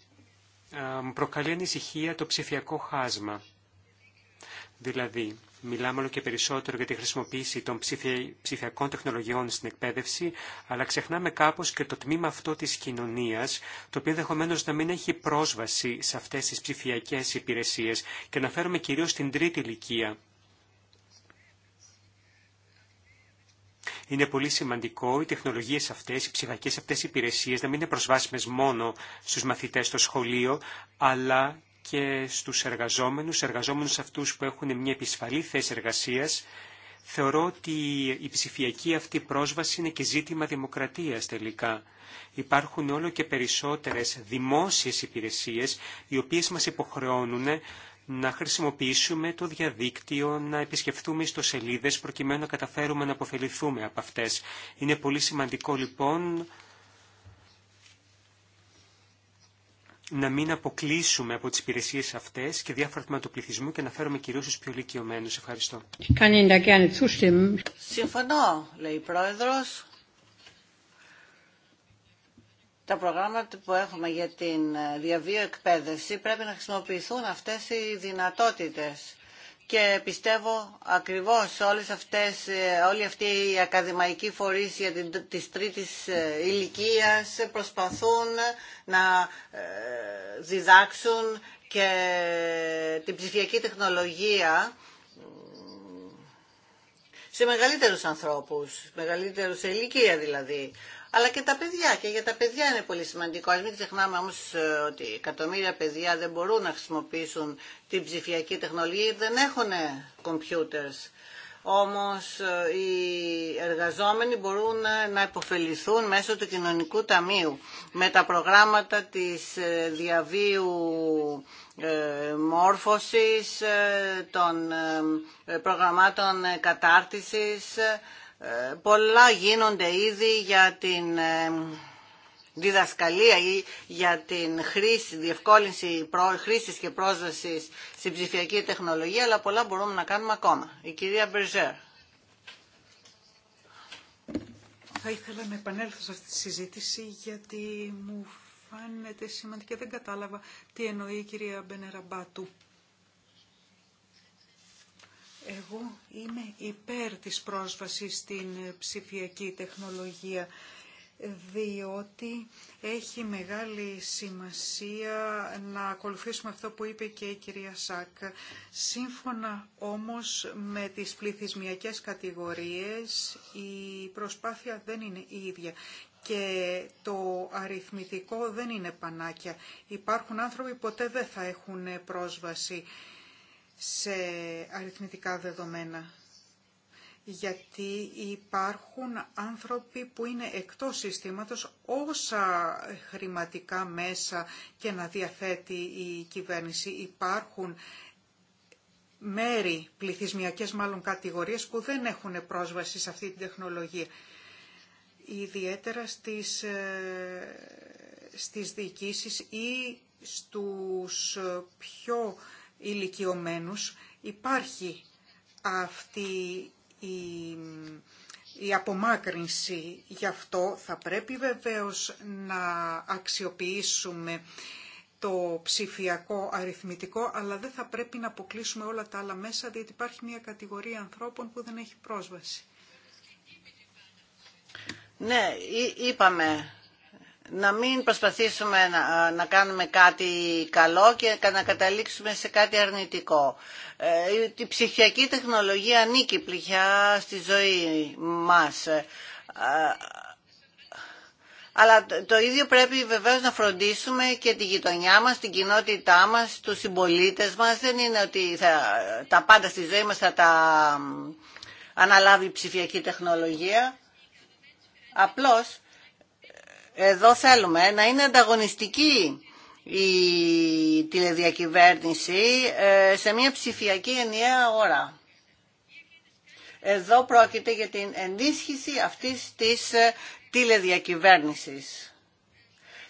Speaker 4: Μου προκαλεί ανησυχία το ψηφιακό χάσμα. Δηλαδή, Μιλάμε όλο και περισσότερο για τη χρησιμοποίηση των ψηφιακών τεχνολογιών στην εκπαίδευση, αλλά ξεχνάμε κάπως και το τμήμα αυτό της κοινωνίας, το οποίο ενδεχομένω να μην έχει πρόσβαση σε αυτές τις ψηφιακές υπηρεσίες και αναφέρομαι φέρουμε κυρίως στην τρίτη ηλικία. Είναι πολύ σημαντικό οι τεχνολογίε αυτέ, οι ψηφιακέ αυτέ υπηρεσίε να μην είναι προσβάσιμε μόνο στου μαθητέ στο σχολείο, αλλά και στους εργαζόμενους, εργαζόμενους αυτούς που έχουν μια επισφαλή θέση εργασίας, θεωρώ ότι η ψηφιακή αυτή πρόσβαση είναι και ζήτημα δημοκρατίας τελικά. Υπάρχουν όλο και περισσότερες δημόσιες υπηρεσίες οι οποίες μας υποχρεώνουν να χρησιμοποιήσουμε το διαδίκτυο, να επισκεφθούμε ιστοσελίδες προκειμένου να καταφέρουμε να αποφεληθούμε από αυτές. Είναι πολύ σημαντικό λοιπόν να μην αποκλείσουμε από τις υπηρεσίε αυτές και διάφορα τμήματα του πληθυσμού και να φέρουμε κυρίως τους πιο ηλικιωμένους. Ευχαριστώ.
Speaker 2: Συμφωνώ, λέει η Πρόεδρος. Τα προγράμματα που έχουμε για την ε, διαβίω εκπαίδευση πρέπει να χρησιμοποιηθούν αυτές οι δυνατότητες και πιστεύω ακριβώς όλες αυτές, ε, όλοι αυτοί οι ακαδημαϊκοί φορείς για την, της τρίτης ε, ηλικίας προσπαθούν να ε, διδάξουν και την ψηφιακή τεχνολογία σε μεγαλύτερους ανθρώπους, μεγαλύτερους σε ηλικία δηλαδή αλλά και τα παιδιά. Και για τα παιδιά είναι πολύ σημαντικό. Ας μην ξεχνάμε όμως ε, ότι εκατομμύρια παιδιά δεν μπορούν να χρησιμοποιήσουν την ψηφιακή τεχνολογία, δεν έχουν computers. όμω ε, οι εργαζόμενοι μπορούν ε, να υποφεληθούν μέσω του κοινωνικού ταμείου με τα προγράμματα της διαβίου μόρφωσης, των προγραμμάτων κατάρτισης, ε, πολλά γίνονται ήδη για την ε, διδασκαλία ή για την χρήση, διευκόλυνση χρήσης και πρόσβασης στην ψηφιακή τεχνολογία, αλλά πολλά μπορούμε να κάνουμε ακόμα. Η κυρία Μπερζέρ.
Speaker 1: Θα ήθελα να επανέλθω σε αυτή τη συζήτηση γιατί μου φάνεται σημαντική. Δεν κατάλαβα τι εννοεί η κυρία Μπενεραμπάτου εγώ είμαι υπέρ της πρόσβασης στην ψηφιακή τεχνολογία διότι έχει μεγάλη σημασία να ακολουθήσουμε αυτό που είπε και η κυρία Σάκ. Σύμφωνα όμως με τις πληθυσμιακές κατηγορίες η προσπάθεια δεν είναι η ίδια και το αριθμητικό δεν είναι πανάκια. Υπάρχουν άνθρωποι που ποτέ δεν θα έχουν πρόσβαση σε αριθμητικά δεδομένα. Γιατί υπάρχουν άνθρωποι που είναι εκτός συστήματος όσα χρηματικά μέσα και να διαθέτει η κυβέρνηση. Υπάρχουν μέρη, πληθυσμιακές μάλλον κατηγορίες που δεν έχουν πρόσβαση σε αυτή την τεχνολογία. Ιδιαίτερα στις, ε, στις διοικήσεις ή στους πιο ηλικιωμένους υπάρχει αυτή η, η απομάκρυνση. Γι' αυτό θα πρέπει βεβαίως να αξιοποιήσουμε το ψηφιακό αριθμητικό, αλλά δεν θα πρέπει να αποκλείσουμε όλα τα άλλα μέσα, διότι υπάρχει μια κατηγορία ανθρώπων που δεν έχει πρόσβαση.
Speaker 2: Ναι, είπαμε να μην προσπαθήσουμε να, κάνουμε κάτι καλό και να καταλήξουμε σε κάτι αρνητικό. Ε, η ψηφιακή τεχνολογία ανήκει πλήχα στη ζωή μας. Ε, αλλά το ίδιο πρέπει βεβαίως να φροντίσουμε και τη γειτονιά μας, την κοινότητά μας, τους συμπολίτε μας. Δεν είναι ότι θα, τα πάντα στη ζωή μας θα τα αναλάβει η ψηφιακή τεχνολογία. Απλώς εδώ θέλουμε να είναι ανταγωνιστική η τηλεδιακυβέρνηση ε, σε μια ψηφιακή ενιαία ώρα. Εδώ πρόκειται για την ενίσχυση αυτής της ε, τηλεδιακυβέρνησης.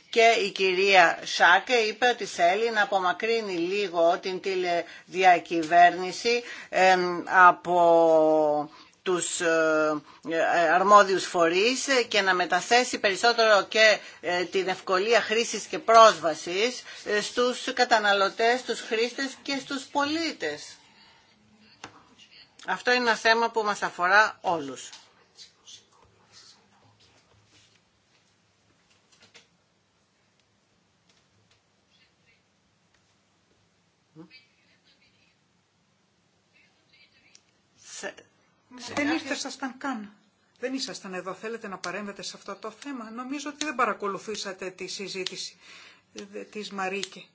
Speaker 2: Και η κυρία Σάκε είπε ότι θέλει να απομακρύνει λίγο την τηλεδιακυβέρνηση ε, από τους ε, ε, αρμόδιους φορείς και να μεταθέσει περισσότερο και ε, την ευκολία χρήσης και πρόσβασης στους καταναλωτές, στους χρήστες και στους πολίτες. Αυτό είναι ένα θέμα που μας αφορά όλους.
Speaker 1: Δεν ήρθασταν καν. Δεν ήσασταν εδώ. Θέλετε να παρέμβετε σε αυτό το θέμα. Νομίζω ότι δεν παρακολουθήσατε τη συζήτηση της Μαρίκη.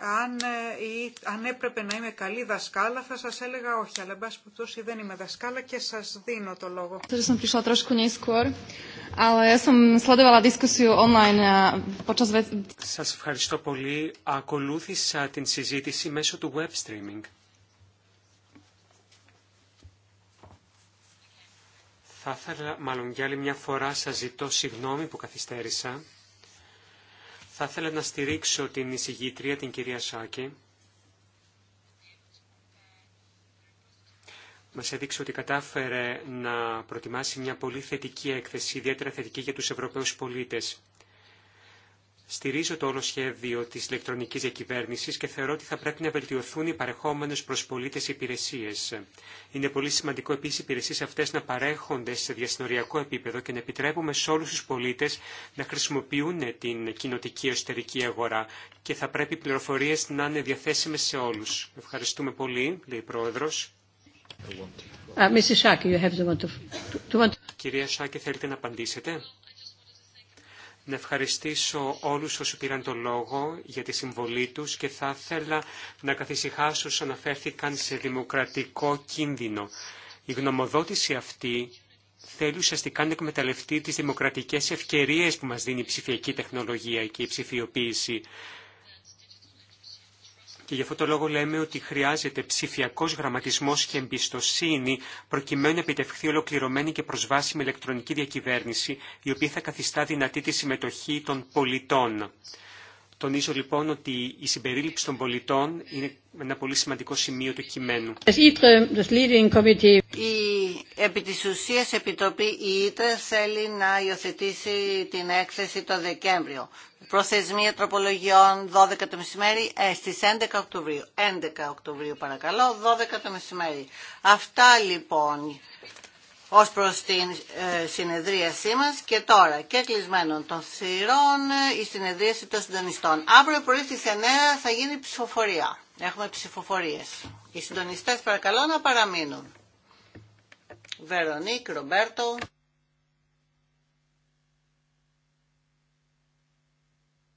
Speaker 1: Αν, ε, αν έπρεπε να είμαι καλή δασκάλα θα σας έλεγα όχι, αλλά εν πάση περιπτώσει δεν είμαι δασκάλα και σας δίνω το λόγο. E,
Speaker 4: σας ευχαριστώ πολύ. Ακολούθησα την συζήτηση μέσω του web streaming. Θα ήθελα, μάλλον για άλλη μια φορά σας ζητώ συγγνώμη που καθυστέρησα. Θα ήθελα να στηρίξω την εισηγήτρια, την κυρία Σάκη. Μας έδειξε ότι κατάφερε να προτιμάσει μια πολύ θετική έκθεση, ιδιαίτερα θετική για τους Ευρωπαίους πολίτες. Στηρίζω το όλο σχέδιο της ηλεκτρονικής διακυβέρνησης και θεωρώ ότι θα πρέπει να βελτιωθούν οι παρεχόμενες προς πολίτες υπηρεσίες. Είναι πολύ σημαντικό επίσης οι υπηρεσίες αυτές να παρέχονται σε διασυνοριακό επίπεδο και να επιτρέπουμε σε όλους τους πολίτες να χρησιμοποιούν την κοινοτική εσωτερική αγορά και θα πρέπει οι πληροφορίες να είναι διαθέσιμες σε όλους. Ευχαριστούμε πολύ, λέει η Πρόεδρος. Κυρία Σάκη, θέλετε να απαντήσετε να ευχαριστήσω όλους όσοι πήραν το λόγο για τη συμβολή τους και θα ήθελα να καθησυχάσω όσους αναφέρθηκαν σε δημοκρατικό κίνδυνο. Η γνωμοδότηση αυτή θέλει ουσιαστικά να εκμεταλλευτεί τις δημοκρατικές ευκαιρίες που μας δίνει η ψηφιακή τεχνολογία και η ψηφιοποίηση και γι' αυτό το λόγο λέμε ότι χρειάζεται ψηφιακό γραμματισμός και εμπιστοσύνη προκειμένου να επιτευχθεί ολοκληρωμένη και προσβάσιμη ηλεκτρονική διακυβέρνηση η οποία θα καθιστά δυνατή τη συμμετοχή των πολιτών. Τονίζω λοιπόν ότι η συμπερίληψη των πολιτών είναι ένα πολύ σημαντικό σημείο του κειμένου. Η επί της ουσίας επιτροπή
Speaker 2: η ΙΤΡΕ θέλει να υιοθετήσει την έκθεση το Δεκέμβριο. Προθεσμία τροπολογιών 12 το μεσημέρι ε, στις 11 Οκτωβρίου. 11 Οκτωβρίου παρακαλώ, 12 το μεσημέρι. Αυτά λοιπόν ως προς την ε, συνεδρίασή μας και τώρα και κλεισμένων των θυρών ε, η συνεδρίαση των συντονιστών. Αύριο πρωί στις 9 θα γίνει ψηφοφορία. Έχουμε ψηφοφορίες. Οι συντονιστές παρακαλώ να παραμείνουν. Βερονίκ, Ρομπέρτο.